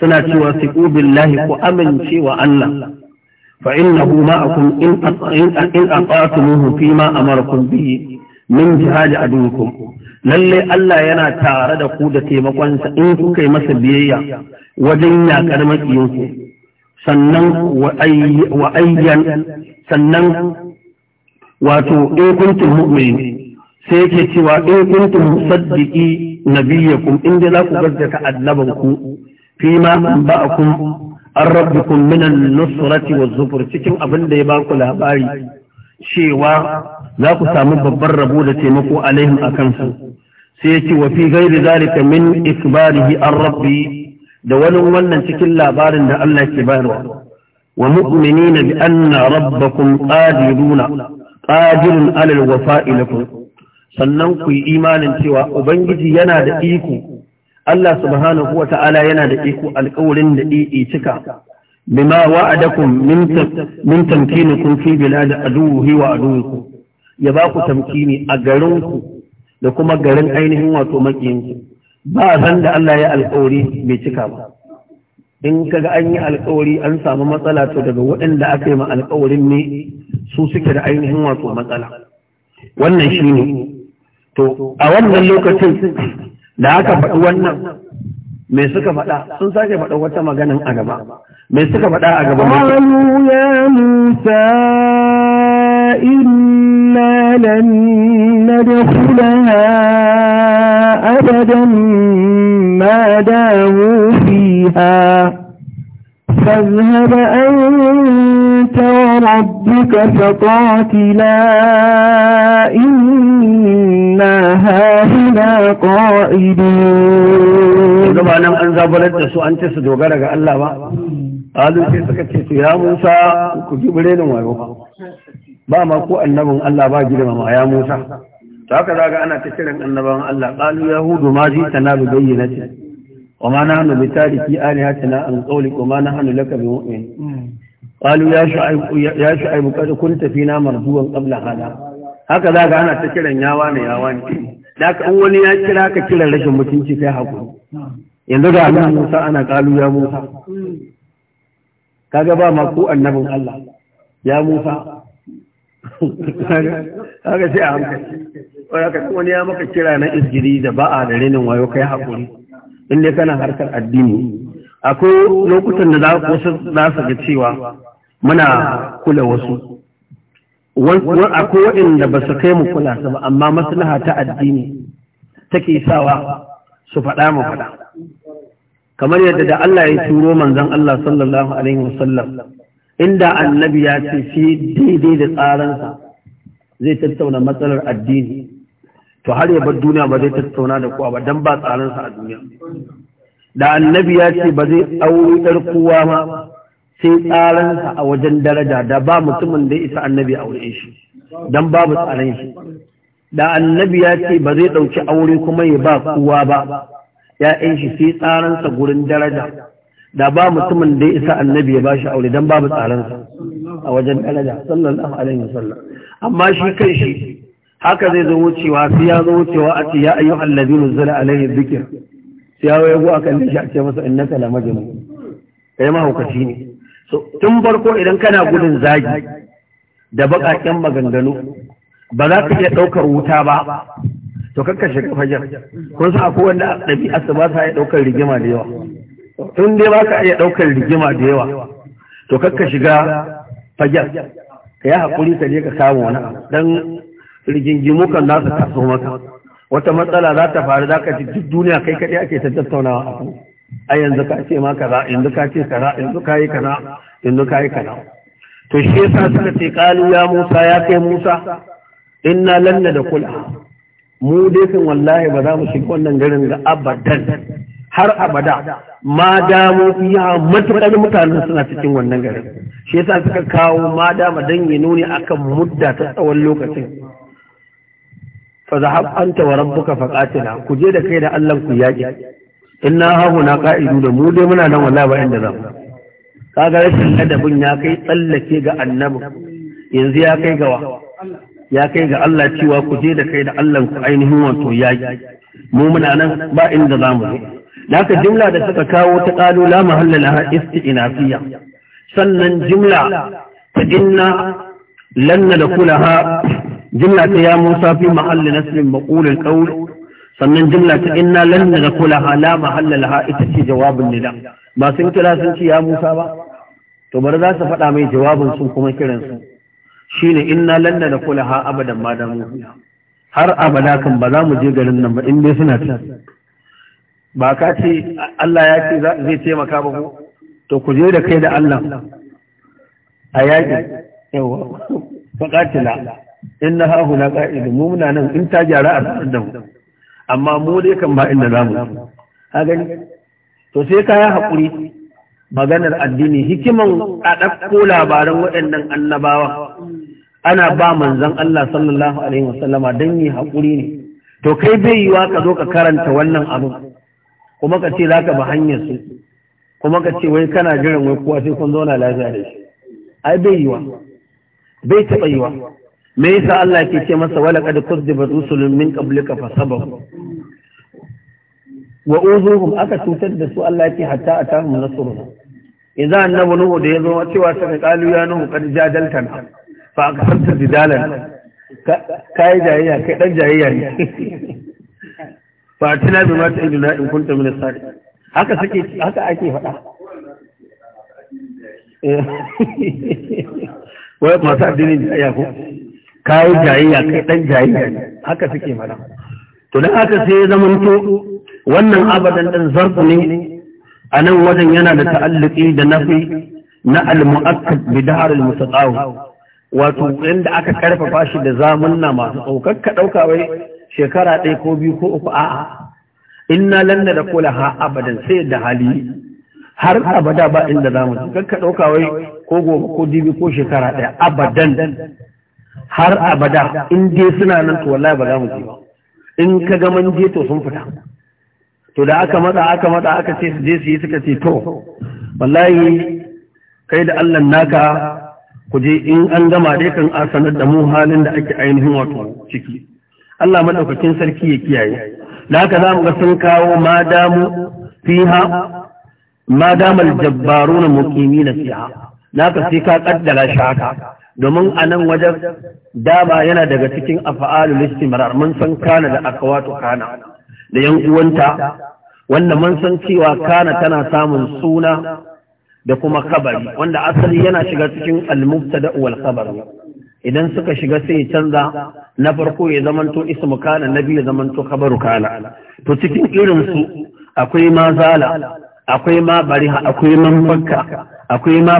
suna cewa siqu billahi ku amince wa Allah fa innahu ma'akum in in aqatumuhu fi ma amarakum bihi min jihad adukum lalle Allah yana tare da ku da taimakonsa in kuka yi masa biyayya wajen yakar makiyinku sannan wa ayyan sannan wato in kuntum mu'minin sai yake cewa in kuntum musaddiqi nabiyyakum in dai za ku gaskata annaban ku fi ma ba'akum ar rabbukum min an-nusrati waz-zufur cikin abin da ya ba ku labari cewa za ku samu babban rabo da taimako alaihim akan su sai ya ce wa fi gairi zalika min ikbarihi an rabbi da wani wannan cikin labarin da Allah ke bayarwa wa mu'minina bi anna rabbakum qadiruna qadirun ala alwafa'i lakum sannan ku yi imanin cewa ubangiji yana da iko Allah subhanahu wa ta'ala yana da iko alƙawarin da ɗi'i cika bima wa'adakum min tamkinikum fi bilad aduwwihi wa aduwwikum ya ba ku tamkini a garinku da kuma garin ainihin wato makiyinku ba ran da Allah ya alƙawari bai cika ba in kaga an yi alƙawari an samu matsala to daga waɗanda aka yi ma alƙawarin ne su suke da ainihin wato matsala wannan shi ne to a wannan lokacin da aka faɗi wannan me suka faɗa sun sake faɗa wata maganin a gaba me suka faɗa a gaba mai ya يدخلها أبدا ما داموا فيها فاذهب أنت وربك فقاتلا إنا هاهنا قائدون طبعا أنا أنزابلت نسو أنت سدوغرك الله قالوا كيف يا موسى كجيب لنا ويوها ba ma ko annabin Allah ba girmama ya Musa to haka za ga ana ta kiran annabawan Allah qalu yahudu ma ji tana bi bayyinati wa ma nahnu bi tariki alihatina an qawli wa ma nahnu laka bi mu'min qalu ya shu'aibu ya shu'aib qad kunta fina marduwan qabla hada haka za ga ana ta kiran yawa ne yawa ne da ka wani ya kira ka kira rashin mutunci kai hakuri yanzu ga annabi Musa ana qalu ya Musa kaga ba ma ko annabin Allah ya Musa Haka sai a hankali wadda wani ya maka kira na isgiri da ba da renin wayo kai haƙuri inda kana harkar addini akwai lokutan da za su ga cewa muna kula wasu akwai waɗanda ba su kai mu kula su ba amma maslaha ta addini take sawa su faɗa mu faɗa kamar yadda da Allah ya turo manzon Allah sallallahu alaihi wasallam inda annabi ya ce shi daidai da tsaransa zai tattauna matsalar addini to har ya bar duniya ba zai tattauna da kowa ba dan ba tsaransa a duniya da annabi ya ce ba zai aure kowa ma sai tsaransa a wajen daraja da ba mutumin da isa annabi a wurin shi dan babu tsaran shi da annabi ya ce ba zai ɗauki aure kuma ya ba kowa ba ‘ya'yan shi sai tsaransa gurin daraja da ba mutumin da ya isa annabi ya ba aure don babu tsaransa a wajen daraja sallallahu alaihi wasallam amma shi kan shi haka zai zo wucewa sai ya zo wucewa a ce ya ayyu allazi nuzila alaihi dhikr sai ya wayo a kan shi a ce masa innaka la majnun kai ma hukaci ne so tun farko idan kana gudun zagi da bakakken maganganu ba za ka iya daukar wuta ba to kanka shiga fajar kun sa akwai wanda ɗabi'a su ba sa iya daukar rigima da yawa tun dai ba ka iya daukar rigima da yawa to kanka shiga fajar ka yi haƙuri ka je ka samu wani dan rigingimukan za su taso maka wata matsala za ta faru za ka ji duk duniya kai kaɗai ake ta tattaunawa a kan a yanzu ka ce ma kaza yanzu ka ce kaza yanzu ka yi kaza yanzu ka yi kaza to shi yasa suka ce kalu ya musa ya kai musa inna lanna da kula mu dai kan wallahi ba za mu shiga wannan garin ga abadan har abada ma mu fiya matuƙar mutanen suna cikin wannan garin shi yasa suka kawo ma dama dan nuni akan mudda ta tsawon lokacin fa zahab anta wa rabbuka faqatila ku je da kai da Allah ku yaki inna hauna qa'idu da mu dai muna nan wallahi ba inda zamu kaga rashin adabin ya kai tsallake ga annabi yanzu ya kai ga ya kai ga Allah cewa ku je da kai da Allah ainihin wato yaki mu muna nan ba inda zamu je laka jimla da suka kawo ta qalu la mahalla sannan jimla ta inna lan nadkhulaha Jimla ta ya musa fi mahalli nasrin maqulul qawl sannan jimla ta inna lan nadkhula ala mahalla laha ita ce jawabin nida ba sun kira sun ce ya musa ba to bari za su faɗa mai jawabin sun kuma kiran su shine inna lan nadkhula ha abadan ma da mu har abada kan ba za mu je garin nan ba in dai suna ta ba ka ce Allah ya ce zai taimaka ba ku to ku je da kai da Allah a yaƙi yawa faƙatila in na hahu na ƙa'idu mu muna nan in ta gyara a tsarin da mu amma mu dai kan ba inda za mu ha gani to sai ka haƙuri maganar addini hikiman a ɗakko labaran waɗannan annabawa ana ba manzan Allah sallallahu alaihi wasallama don yi haƙuri ne to kai bai yiwa ka zo ka karanta wannan abu kuma ka ce za ka ba hanyar su kuma ka ce wai kana jiran wai kowa sai kun zauna lafiya da shi ai bai yiwa bai taɓa yiwa me yasa Allah ke ce masa wala kad kuzziba rusulun min qablika fasabahu wa uzuhum aka cutar da su Allah ke hatta atahum nasruna idan annabi nuhu da yazo cewa saka kalu ya nuhu kad jadaltan fa akasanta didalan kai jayayya kai dan jayayya ne fa tana bi mata iduna in kunta min as-sadiq haka suke haka ake faɗa eh. wai masu addinin jayayya ko kayi jayayya kai dan jayayya ne haka suke mana to dan haka sai ya to wannan abadan din zarfu ne a nan wajen yana da ta'alluki da nafi na al-mu'akkad bi dahr al-mutata'aw wato inda aka karfafa shi da zamanna masu tsaukakka dauka wai shekara ɗaya ko biyu ko uku a'a inna lan da kula ha abadan sai da hali har abada ba inda zamu kakka dauka wai ko gobe ko dibi ko shekara ɗaya abadan har abada in dai suna nan to wallahi ba za mu je in ka ga mun je to sun fita to da aka matsa aka matsa aka ce su je su yi suka ce to wallahi kai da Allah naka ku je in an gama dai kan a sanar da mu halin da ake ainihin wato ciki Allah madaukakin sarki ya kiyaye da haka za mu ga sun kawo madamu fiha madamal jabbaruna muqimina fiha naka sai ka kaddara shi haka domin a nan wajen dama yana daga cikin afa'alu marar mun san kana da akawatu kana da yan uwanta wanda mun san cewa kana tana samun suna da kuma kabari wanda asali yana shiga cikin almubta da uwal kabari idan suka shiga sai canza na farko ya zamanto ismu kana na biyu ya zamanto kabaru kana to cikin irinsu su akwai mazala akwai ma bariha akwai man akwai ma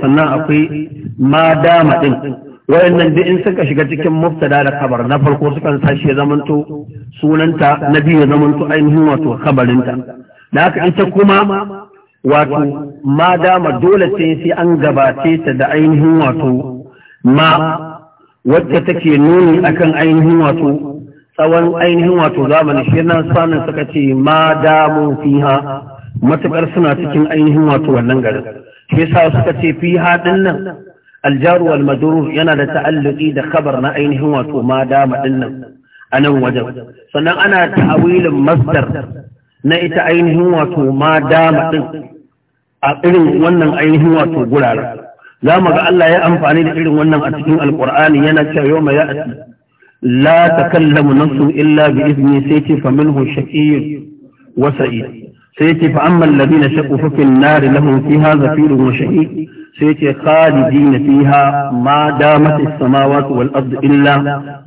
sannan akwai ma dama din wayannan duk in suka shiga cikin muftada da kabar na farko sukan sashi ya zamanto sunanta na biyu ya zamanto ainihin wato kabarinta da haka ita kuma wato ma dama dole ce sai an gabace ta da ainihin wato ma wacce take nuni akan ainihin wato tsawon ainihin wato zamanin shi na sanin suka ce ma damu fiha matukar suna cikin ainihin wato wannan garin shi yasa suka ce fi haɗin nan aljaru wal majrur yana da ta'alluqi da khabar na ainihin wato ma dama din nan a nan wajen sannan ana ta'awilin masdar na ita ainihin wato ma dama din a irin wannan ainihin wato guraren za mu ga Allah ya amfani da irin wannan a cikin alkur'ani yana cewa yau mai ya'ati la takallamu nafsun illa bi izni sai ce fa minhu shaqiyyun wa sa'id sai yake fa amman ladina shaqu fa fil nar lahum fiha zafirun wa shahiq sai yake khalidina fiha ma damat as-samawati wal ardu illa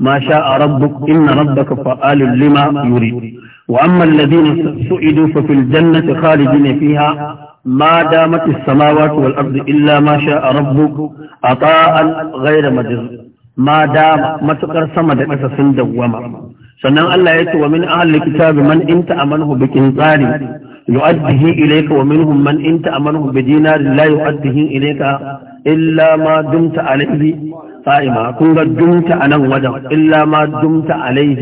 ma sha'a rabbuk inna rabbaka fa'alul lima yurid wa amman ladina su'idu fa fil jannati khalidina fiha ما دامت السماوات والأرض إلا ما شاء ربك عطاء غير مجز ما دام ما تقر سمد أسسن دوما sannan Allah ya ce wa min ahli kitabi man in يؤديه إليك ومنهم من إن تأمنه بدينار لا يؤديه إليك إلا ما دمت عليه قائما كنت دمت أنا وجه إلا ما دمت عليه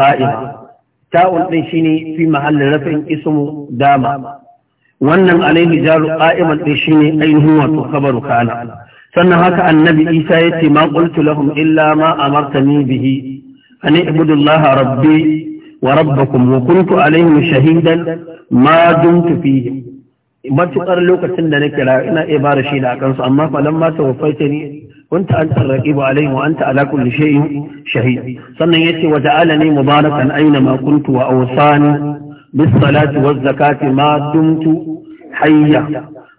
قائما تاون شيني في محل رفع اسمه داما wannan alaihi jaru qa'iman din shine ainihin wato kabaru kana sannan haka annabi Isa yace ma qultu illa ma amartani bihi an ibudullaha rabbi وربكم وكنت عليهم شهيدا ما دمت فيهم matuƙar lokacin da na kira ina iya bara shi da kansu amma falan ma tawaffaita ni kunta anta raqibu alaihim wa anta ala kulli shay'in shahid sannan yace wa ja'alani mubarakan aina ma kuntu wa awsani bis salati waz zakati ma dumtu hayya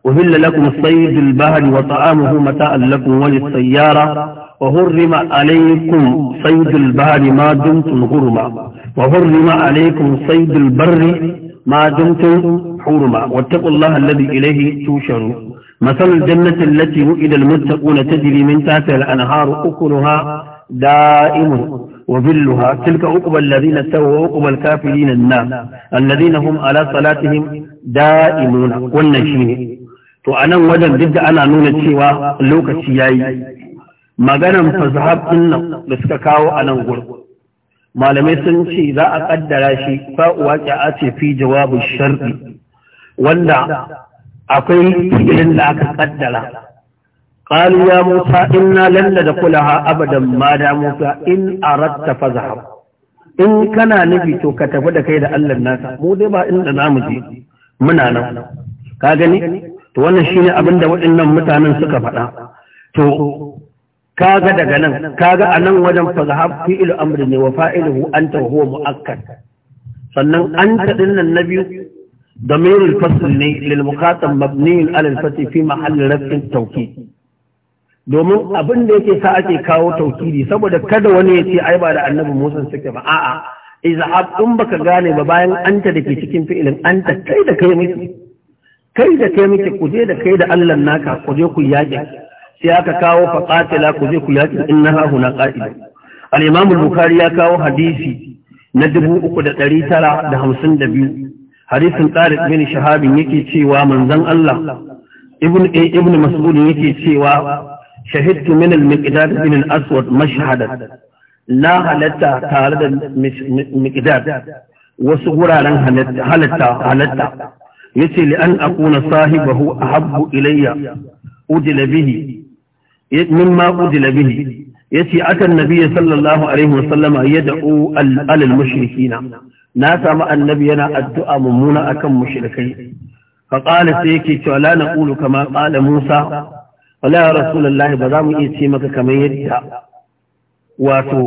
wa hilla lakum as bahri al-bahr wa ta'amuhu mata'an lakum wa lis-sayyara وحرم عليكم صيد البحر ما دمتم حرما وحرم عليكم صيد البر ما دمتم حرما واتقوا الله الذي إليه تشرون مثل الجنة التي وئد المتقون تجري من تحتها الأنهار أكلها دائم وظلها تلك عقبى الذين اتقوا وعقبى الكافرين النار الذين هم على صلاتهم دائمون والنشين to anan wajen duk da ana nuna cewa lokaci maganan fazhab din nan da suka kawo a nan gurin malamai sun ce za a kaddara shi fa'uwa a ce fi jawabin sharɗi wanda akwai filin da aka kaddara qalu ya musa inna da nadkhulaha abadan ma da musa in ratta fazhab in kana nufi to ka tafi da kai da Allah nasa mu dai ba inda mu je muna nan ka gani to wannan shine abinda waɗannan mutanen suka faɗa to kaga daga nan kaga a nan wajen fazahab fi'ilu amri ne wa fa'iluhu an ta huwa mu'akkad sannan an din nan na biyu ضمير الفصل lil muqatab mabni ala al-fath fi mahall raf'in domin abin da yake sa ake kawo taukiri saboda kada wani ya ce ai ba da annabi Musa suke ba a'a izhab ɗin baka gane ba bayan anta dake cikin fi'ilin anta kai da kai miki kai da kai miki ku je da kai da Allah naka ku je ku yaƙi sai aka kawo faqatila ku je ku yaki innaha hahu na ƙa'ida imam al-bukhari ya kawo hadisi na biyu. hadisin tariq bin shahabin yake cewa manzon Allah ibn eh, ibn mas'ud yake cewa shahidtu min al-miqdad bin al-aswad mashhadan la halatta tare da miqdad wasu wuraren halatta halatta yace li an akuna sahibahu ahabbu ilayya ujla bihi mimma udila bihi yace atan nabiyyi sallallahu alaihi wasallama yad'u al mushrikina na samu annabi yana addu'a mummuna akan mushrikai fa qala sai yake cewa la naqulu kama qala musa wala ya rasulullahi ba za mu iya ce maka kamar yadda wato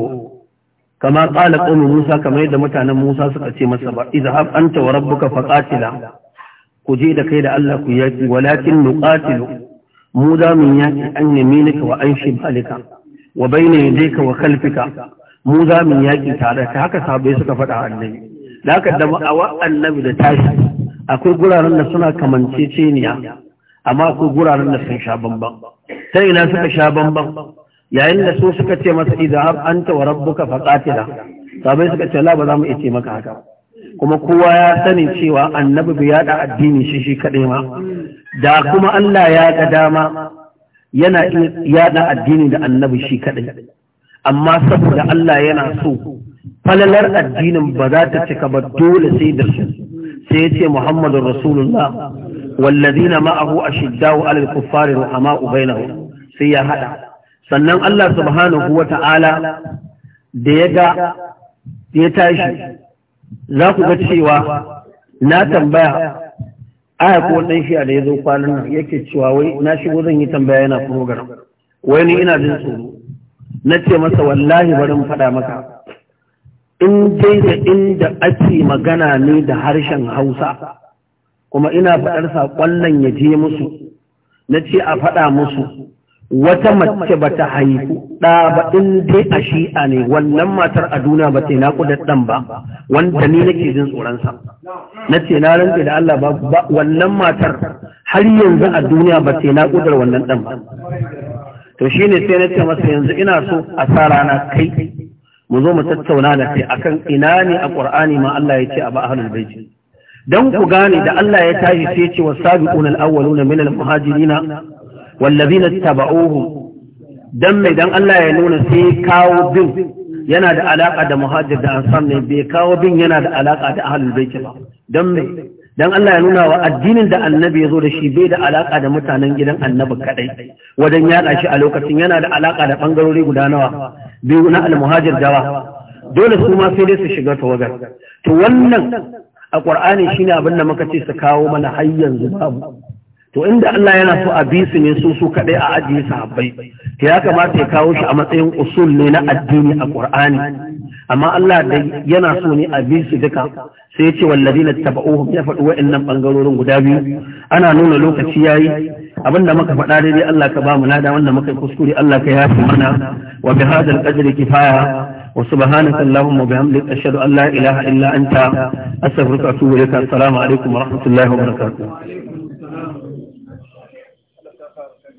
kama qala qawmu musa kamar yadda mutanen musa suka ce masa ba idhab anta wa rabbuka faqatila ku je da da Allah ku yaki mu za mu yaƙi an yaminaka wa an shibalika wa bayna yadayka wa khalfika mu za mu yaƙi tare ta haka sahabbai suka faɗa annabi da haka da ma'awa annabi da tashi akwai guraren da suna kamanceceniya amma akwai guraren da sun sha bamban ta ina suka sha bamban yayin da su suka ce masa idza anta wa rabbuka faqatila sahabbai suka ce la ba za mu iya ce maka haka kuma kowa ya sani cewa annabi bai yada addini shi shi kaɗai ma da kuma Allah ya ga dama yana yada addini da annabi shi kaɗai amma saboda Allah yana so falalar addinin ba za ta cika ba dole sai da su sai yace Muhammadur Rasulullah wallazina ma'ahu ashiddau 'alal kuffari ruhama'u bainahum sai ya hada sannan Allah subhanahu wata'ala da ya ga ya tashi za ku ga cewa na tambaya aya ko dan shi da ya zo kwanan nan yake cewa wai na shigo zan yi tambaya yana program wai ni ina jin tsoro na ce masa wallahi bari mu faɗa maka in dai da inda ake magana ne da harshen Hausa kuma ina faɗar saƙon nan ya je musu na ce a faɗa musu wata mace ba ta haifu ɗa ba in dai a shi'a ne wannan matar a duniya ba ta naƙuda ɗan ba wanda ni nake jin tsoronsa na ce na rantse da Allah ba wannan matar har yanzu a duniya ba na naƙudar wannan ɗan ba to shi ne sai na ce masa yanzu ina so a sa rana kai mu zo mu tattauna da kai akan ina ne a ƙur'ani ma Allah ya ce a ba ahlul baiti dan ku gane da Allah ya tashi sai ya ce wasabiquna al-awwaluna min al-muhajirina na taba'uhu dan mai dan Allah ya nuna sai kawo bin yana da alaka da muhajir da ansar ne bai kawo bin yana da alaka da dan Allah ya nuna wa addinin da annabi ya zo da shi bai da alaka da mutanen gidan annabi kadai wajen yaɗa shi a lokacin yana da alaka da bangarori guda nawa biyu na almuhajir dawa dole su ma sai dai su shiga tawagar to wannan a qur'ani shine abin da muka ce su kawo mana har yanzu babu to inda Allah yana so a bi su ne su su kaɗai a ajiye sahabbai to ya kamata ya kawo shi a matsayin usul ne na addini a Qur'ani amma Allah da yana so ne a bisu duka sai ya ce wallazina tabauhum ya faɗi wa'annan bangarorin guda biyu ana nuna lokaci yayi abinda muka faɗa daidai Allah ka ba mu lada wanda muka kuskure Allah ka yafi mana wa bi hadal qadri kifaya wa subhanaka allahumma wa bihamdika ashhadu an la ilaha illa anta astaghfiruka wa atubu ilaik assalamu alaikum wa rahmatullahi wa barakatuh